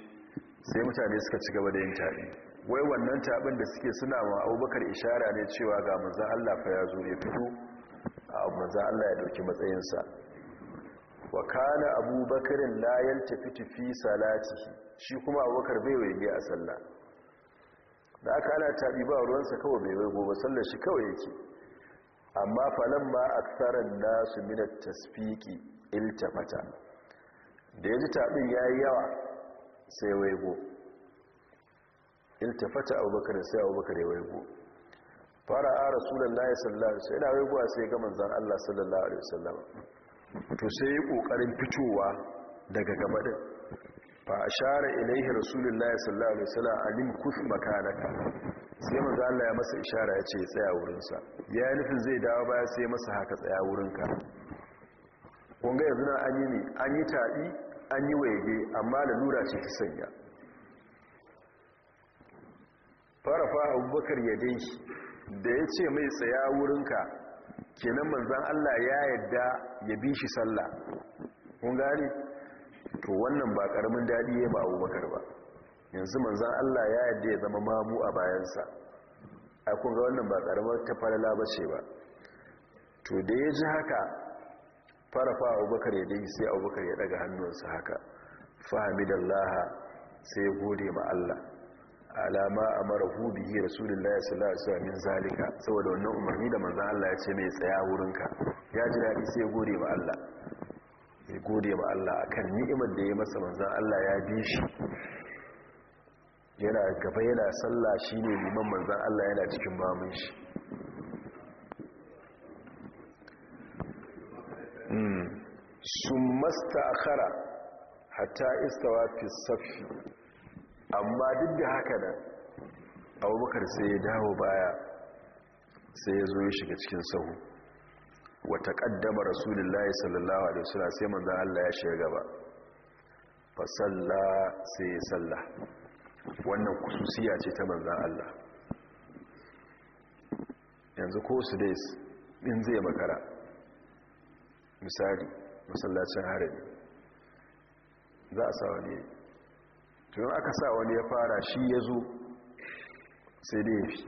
sai mutane suka ci gaba da yin tabi wai wannan tabin da suke suna wa abubakar ishara ne cewa ga manzan allah fa ya zo ya fito a manzan allah ya ɗauki matsayinsa wa kana abubakarin layan tafi fi salatihi shi kuma abubakar bai waje a sallah da aka ana taɓi ba ruwansa kawai bai waigo ba sallar shi kawai yake amma falon ma a tsarar nasu minar tasfiki iltafata da ya ji taɓin ya yi yawa sai waigo iltafata abubakar sai abubakar ya waigo fara a rasulallah ya sallah sai na waigo sai ga zan allah sallallahu alaihi wasallama to sai yi kokarin fitowa daga gaba din a shara ilaihi rasulullahi sallallahu alaihi wasallam alim kus makanaka sai manzo Allah ya masa ishara ya ce tsaya wurin sa ya nufin zai dawo baya sai masa haka tsaya wurin ka kun ga yanzu na an yi ne an yi taɗi an yi waige amma da lura ce ta sanya fara fa abubakar ya dai da ya ce mai tsaya wurinka kenan manzan Allah ya yadda ya bi shi sallah kun gane to wannan ba karamin dadi ya ba Abubakar ba yanzu manzan Allah ya yadda ya zama mamu a bayansa a kun ga wannan ba karamar tafalala ba ce ba to da ya ji haka farafa Abubakar ya dai sai Abubakar ya daga hannunsa haka fahimidallaha sai ya gode ma Allah alama a marahu bihi rasulullahi sallallahu alaihi wasallam zalika saboda wannan umarni da manzon Allah ya ce mai tsaya wurinka ya ji dadi sai gode ma Allah ya gode ma Allah akan ni'imar da ya masa manzon Allah ya bi shi yana gaba yana sallah shine liman manzon Allah yana cikin bamun shi hmm. sun masta akhara hatta istawa fi safi amma duk da haka nan abubakar sai ya dawo baya sai ya zo ya shiga cikin sahu wata kaddama rasulullahi sallallahu alaihi wasallam sai manzo Allah ya shiga gaba sallah sai ya salla wannan kususiya ce ta manzan Allah yanzu ko su dai in zai makara misali masallacin harami za a sa wani tun aka sa wani ya fara shi ya zo sai dai ya fi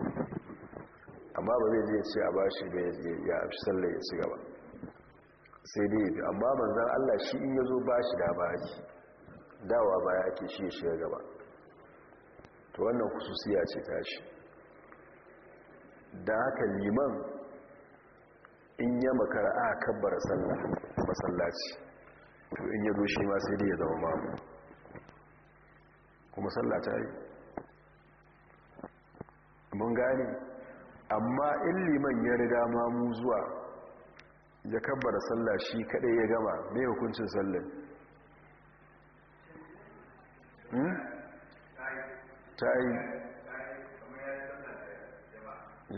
amma ba zai je ce a ba shi ya fi sallar ya ci gaba sai dai ya fi amma manzan allah shi in ya zo ba shi da baji dawa ya ake shi ya ya gaba to wannan kususiya ce ta shi, da haka liman in ya makara a kabbar sallah masallaci to in ya zo shi ma sai da ya zama mamu kuma sallah ta yi mun gane amma in liman ya riga mamu zuwa ya kabbara sallah shi kadai ya gama mai hukuncin sallah hmm? ta yi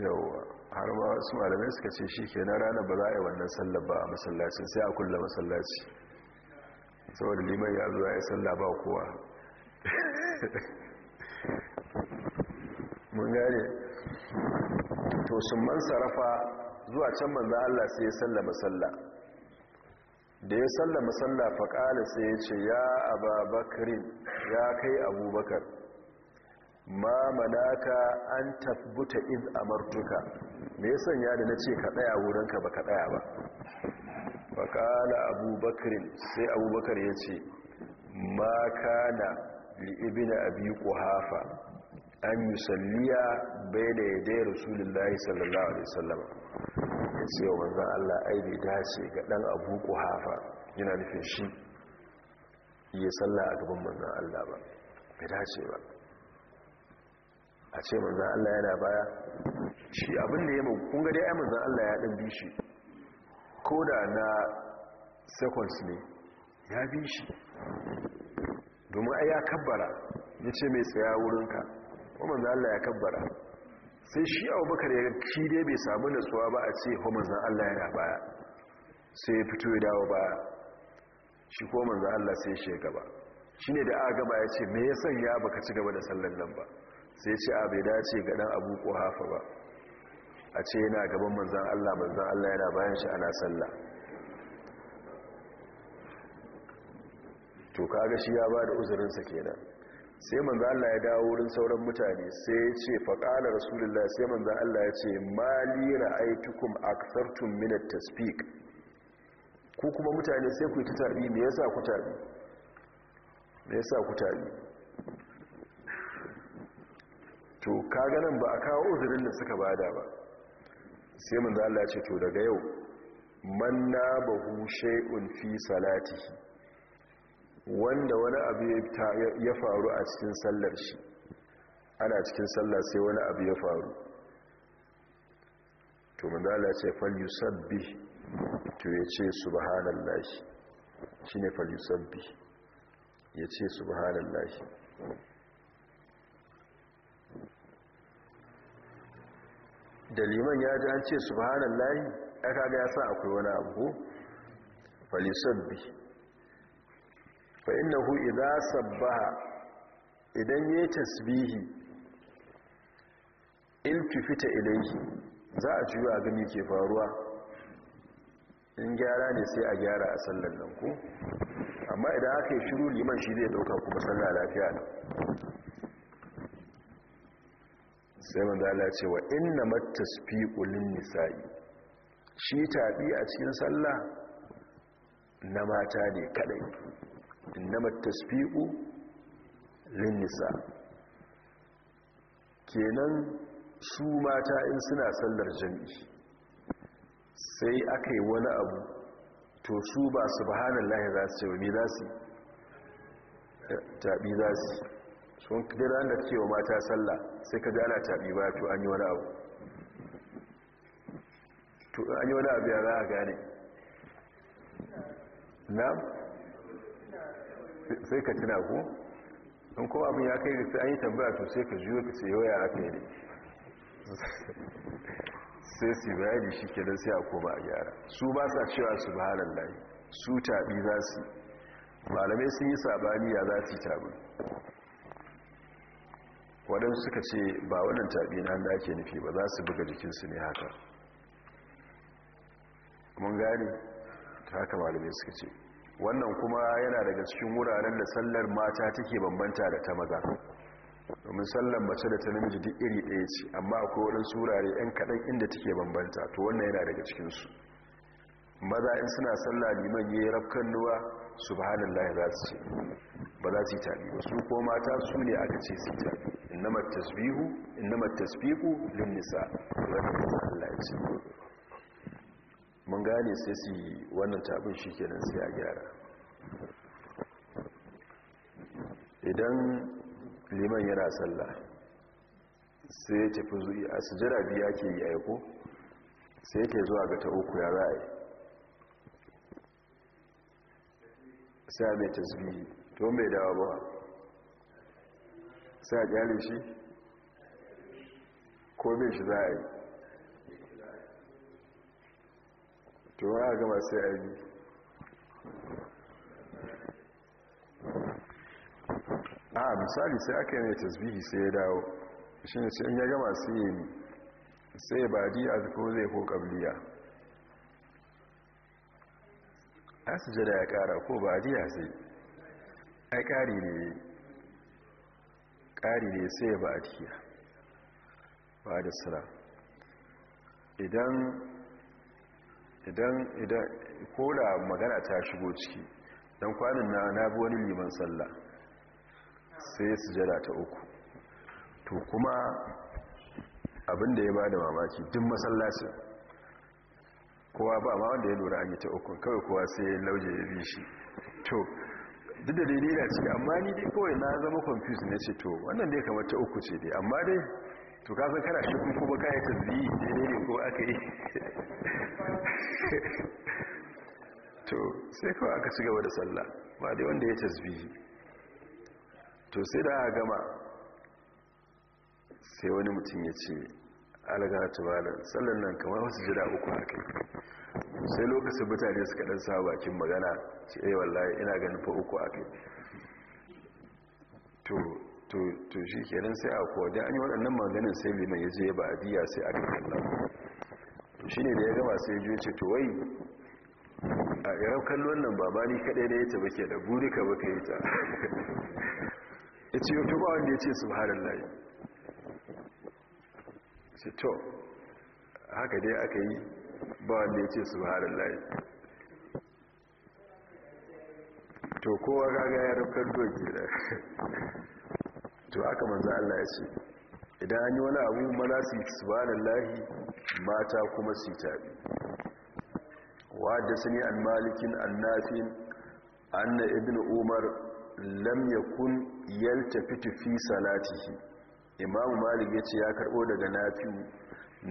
yauwa har ma wasu malamai suka ce shi ke na rana ba za a yi wannan sallar ba a masallaci sai a kulla masallaci saboda liman ya zuwa ya sallah ba kowa mun gane to sun man sarrafa zuwa can manzo Allah sai ya sallama sallah da ya sallama sallah faqala sai ya ce ya ababakari ya kai abubakar ma manaka an tabbuta iz amartuka me ya ya da ce ka tsaya wurinka baka tsaya ba faqala abubakar sai abubakar ya ce ma kana li'ibina abi kuhafa an yi salliya bai da ya dai rasulullahi sallallahu alaihi sallama ya ce wa wanzan allah aibe dace ga dan abu kuhafa yana nufin shi iya salla a gaban wanzan allah ba bai dace ba a ce wanzan allah yana baya shi abinda ya kun ga dai ai manzan allah ya ɗan bi shi ko da na seconds ne ya bi shi domin ai ya kabbara ya ce mai tsaya wurinka kuma manzan Allah ya kabbara sai shi abubakar ya shi dai bai samu natsuwa ba a ce kuma zan Allah yana baya sai ya fito ya dawo baya shi kuma zan Allah sai shi ya gaba shi ne da aka gaba ya ce me ya sanya baka ci gaba da sallan nan ba sai ce a bai dace ga dan abu ko hafa ba a ce yana gaban manzan Allah manzan Allah yana bayan shi ana sallah to kaga shi ya bada uzurinsa kenan sai manzo Allah ya dawo wurin sauran mutane sai ya ce fa qala rasulullah sai manzo Allah ya ce mali ra'aytukum aktsartum min at-tasfiq ku kuma mutane sai ku ta tabi me yasa ku tabi me yasa ku tabi to kaga nan ba a kawo uzurin da suka bada ba sai manzo Allah ya ce to daga yau man nabahu shay'un fi salatihi wanda wani abu ya faru a cikin sallar shi ana cikin sallar sai wani abu ya faru to manzala ce falyusabbi to ya ce subhanallahi shi ne falyusabbi ya ce subhanallahi da liman ya ji an ce subhanallahi aka ga ya sa akwai wani abu falyusabbi fa innahu sabbaha idan yayi tasbihi in fita ilaihi, za a juya gani ke faruwa in gyara ne sai a gyara a sallar nan ku. amma idan aka yi shiru liman shi zai dauka kuma sallah lafiya ne sai manzo Allah ya ce wa ulin nisa'i shi tabi a cikin sallah na mata ne kadai innama tasfi'u nisa. kenan su mata in suna sallar jami'i sai aka yi wani abu to su ba subhanallahi za su cewa za su taɓi za su sun kira da cewa mata sallah sai ka jana taɓi ba to an yi wani abu to an yi wani abu ya za a gane na sai ka tuna ko in kuma abin ya kai sai an yi tambaya to sai ka juyo ka sai ya aka yi sai su da shi ke sai a koma a gyara su ba sa cewa su ba halar layi su tabi za su malamai sun yi sabani ya za su yi tabi waɗansu suka ce ba wannan tabi na da ake nufi ba za su buga jikinsu ne haka mun gane ta haka malamai suka ce wannan kuma yana daga cikin wuraren da sallar mata take bambanta da ta maza domin sallar mace da ta namiji duk iri ɗaya ce amma akwai wurin wurare 'yan kaɗan inda take bambanta to wannan yana daga cikinsu maza in suna sallah liman ya yi rafkan nuwa subhanallah za su ce ba za su yi tabi ba su ko mata su ne aka ce su tabi innamar tasbihu innamar tasbihu lin nisa mun gane sai su yi wannan tabin shi kenan sai a gyara idan liman yana sallah sai ta tafi zuwa a sujira biya ke yi aiko sai ke zuwa ga ta uku ya za a yi sai a mai tasbihi to mai dawa ba sai a gyale shi ko mai shi za a yi to ya gama sai a ah, yi a misali sai aka yi mai tasbihi sai ya dawo shi ne sai ya gama sai ya yi sai ba di a ko zai ko kabliya a sujada ya kara ko ba di a sai ai kari ne kari ne sai ba diya ba da sira idan idan idan ko da magana ta shigo ciki don kwanin na na bi wani liman sallah sai sujada ta uku to kuma abin da ya ba da mamaki duk masallaci kowa ba ma wanda ya lura an yi ta uku kawai kowa sai ya lauje ya bi shi to duk da daidai na ciki amma ni dai kawai na zama confused na ce to wannan dai kamar ta uku ce dai amma dai to kafin kana shi kuma kayan tasbihi daidai ne ko aka yi to sai kawai aka ci gaba da sallah ba dai wanda ya tasbihi to sai da aka gama sai wani mutum ya ce algatu malam sallan nan kamar wasu jira uku haka sai lokacin mutane suka dan sa bakin magana ce eh wallahi ina ganin fa uku haka to to to shi kenan sai a kowa da an yi waɗannan maganin sai liman ya je ba adiya sai aka kalla shi ne da ya gama sai juya ce to wai a iran kallon nan ba kadai kaɗai ya taba ke da buri ka baka yi ta ya ce yau tuba wanda ya ce su harin layi ce to haka dai aka yi ba wanda ya ce su harin layi to kowa gaga ya rafkar doki da to aka manza Allah ya ce idan an yi wani abu mana su yi lahi, mata kuma su yi tabi wadda su ne an malikin an ibn umar lam yakun yalta fito fi salatihi imamu malik ya ce ya karbo daga nafiyu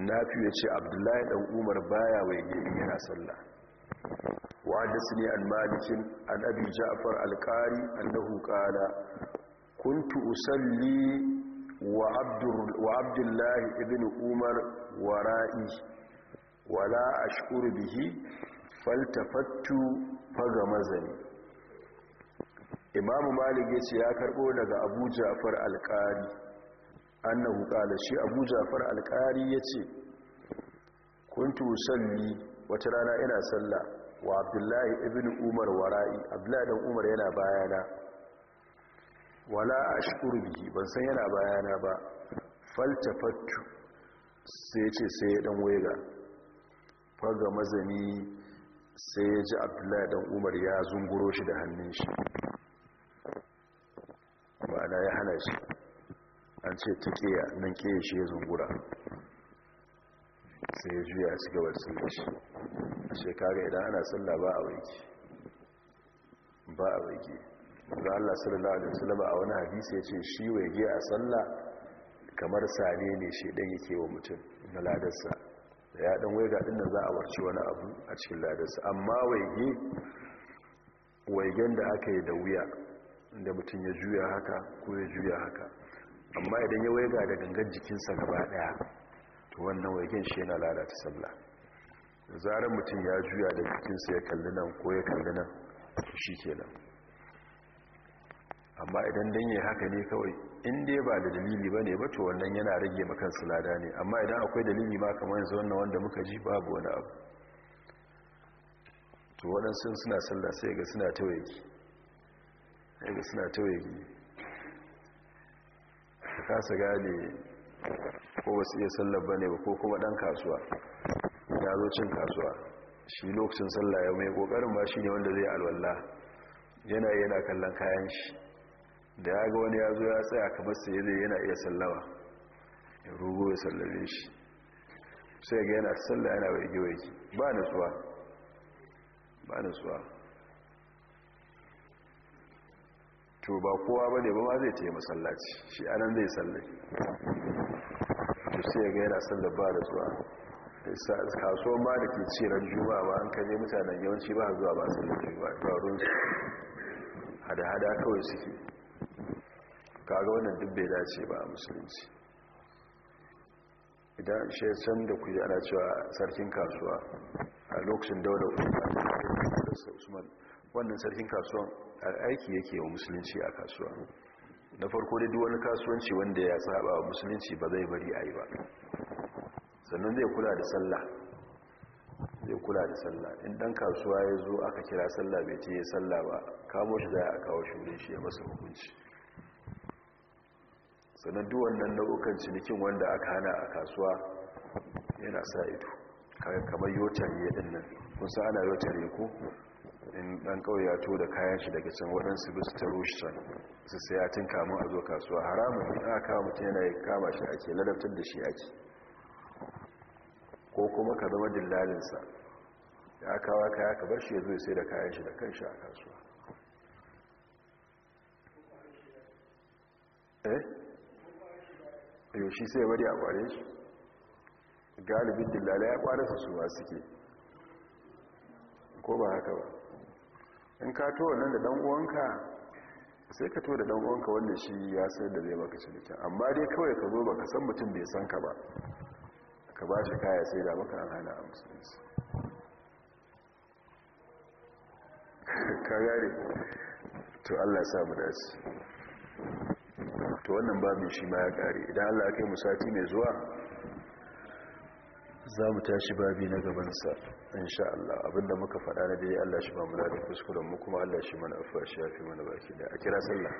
nafiyu ya ce abdullahi dan umar baya wai gini yana sallah wadda su ne an malikin an ja'afar alkari annahu kala kuntu usalli wa abdullahi ibn umar wara'i wala ashkuru bihi faltafattu faga mazani imamu malik ya ce ya karbo daga abu jafar alkari annahu qala shi abu jafar alkari ya ce kuntu salli wata rana ina salla wa abdullahi ibn umar wara'i abdullahi dan umar yana bayana wala a shi ban san yana bayana ba fattu sai ce sai ya dan wega faga mazani sai ya ji abdullahi dan umar ya zunguro shi da hannun shi ma'ana ya hana shi an ce ta keya nan keya shi ya zungura sai ya juya su gabar da shi a shekara idan ana sallah ba a waiki ba a waiki da Allah sallallahu alaihi wasallam a wani hadisi ya ce shi wege a sallah kamar sane ne shi dan yake wa mutum na ladarsa da ya dan waiga din nan za a warci wani abu a cikin ladarsa amma wege waigen da aka yi da wuya da mutum ya juya haka ko ya juya haka amma idan ya waiga da gangan jikinsa gaba ɗaya to wannan waigen shi yana lalata sallah zarar mutum ya juya da jikinsa ya kalli nan ko ya kalli nan shi kenan amma idan don yi haka ne kawai in dai ba da dalili bane ba to wannan yana rage maka sulada ne amma idan akwai dalili ba kamar yanzu wannan wanda muka ji babu wani abu to waɗansu suna sallah sai ga suna tawaye sai ga suna tawaye ta kasa gane ko wasu iya sallar ba ne ba ko kuma ɗan kasuwa ya zo cin kasuwa shi lokacin sallah ya mai ƙoƙarin ba shi ne wanda zai alwallah yana yana kallon kayan shi da ya ga wani ya zo ya tsaya kamar sai yana iya sallama ya rugo ya sallame shi sai ga yana sallah yana waje waje ba nutsuwa ba nutsuwa to ba kowa ba ne ba ma zai taimaka masallaci shi anan zai sallai to sai ga yana sallah ba nutsuwa kaso ma da ke ciran juma ba an kaje mutanen yawanci ba zuwa ba sallar juba ba ruwan su hada-hada kawai suke kaga wannan duk bai dace ba a musulunci idan shi san da ku yi ana cewa sarkin kasuwa a lokacin daura usman wannan sarkin kasuwan aiki yake wa musulunci a kasuwa na farko da duk wani kasuwanci wanda ya saba wa musulunci ba zai bari a yi ba sannan zai kula da sallah zai kula da sallah in dan kasuwa ya zo aka kira sallah bai ce ya sallah ba kamo shi za a kawo shi wurin shi ya masa hukunci sannan wannan nau'ukan cinikin wanda aka hana a kasuwa yana sa ido kamar yotare ɗin nan kusa ana yotare ku in ɗan kawai ya to da kayan shi daga can waɗansu bisu ta rushen su sayatin kamun a zo kasuwa haramun in aka kama mutum yana ya kama shi ake ladabtar da shi ake ko kuma ka zama dillalinsa ya kawo kaya ka bar shi ya zo sai da kayan shi da kan shi a kasuwa eh? yaushe sai bari a kware su galibin dillala ya kware su suwa suke ko ba haka ba in ka to wannan da ɗan'uwanka sai ka to da ɗan'uwanka wanda shi ya sayar da zai baka cinikin amma dai kawai ka zo ba ka san mutum bai san ka ba ka ba shi kaya sai da maka an hana a musulunci ka gane to allah samu dace to wannan babin shi ma ya kare idan allah ya kai mu sati mai zuwa za mu tashi babi na gabansa insha Allah abinda muka faɗa na dai Allah shi ba mu da kuskuren mu kuma Allah shi mana afuwa shi ya fi mana baki da a kira sallah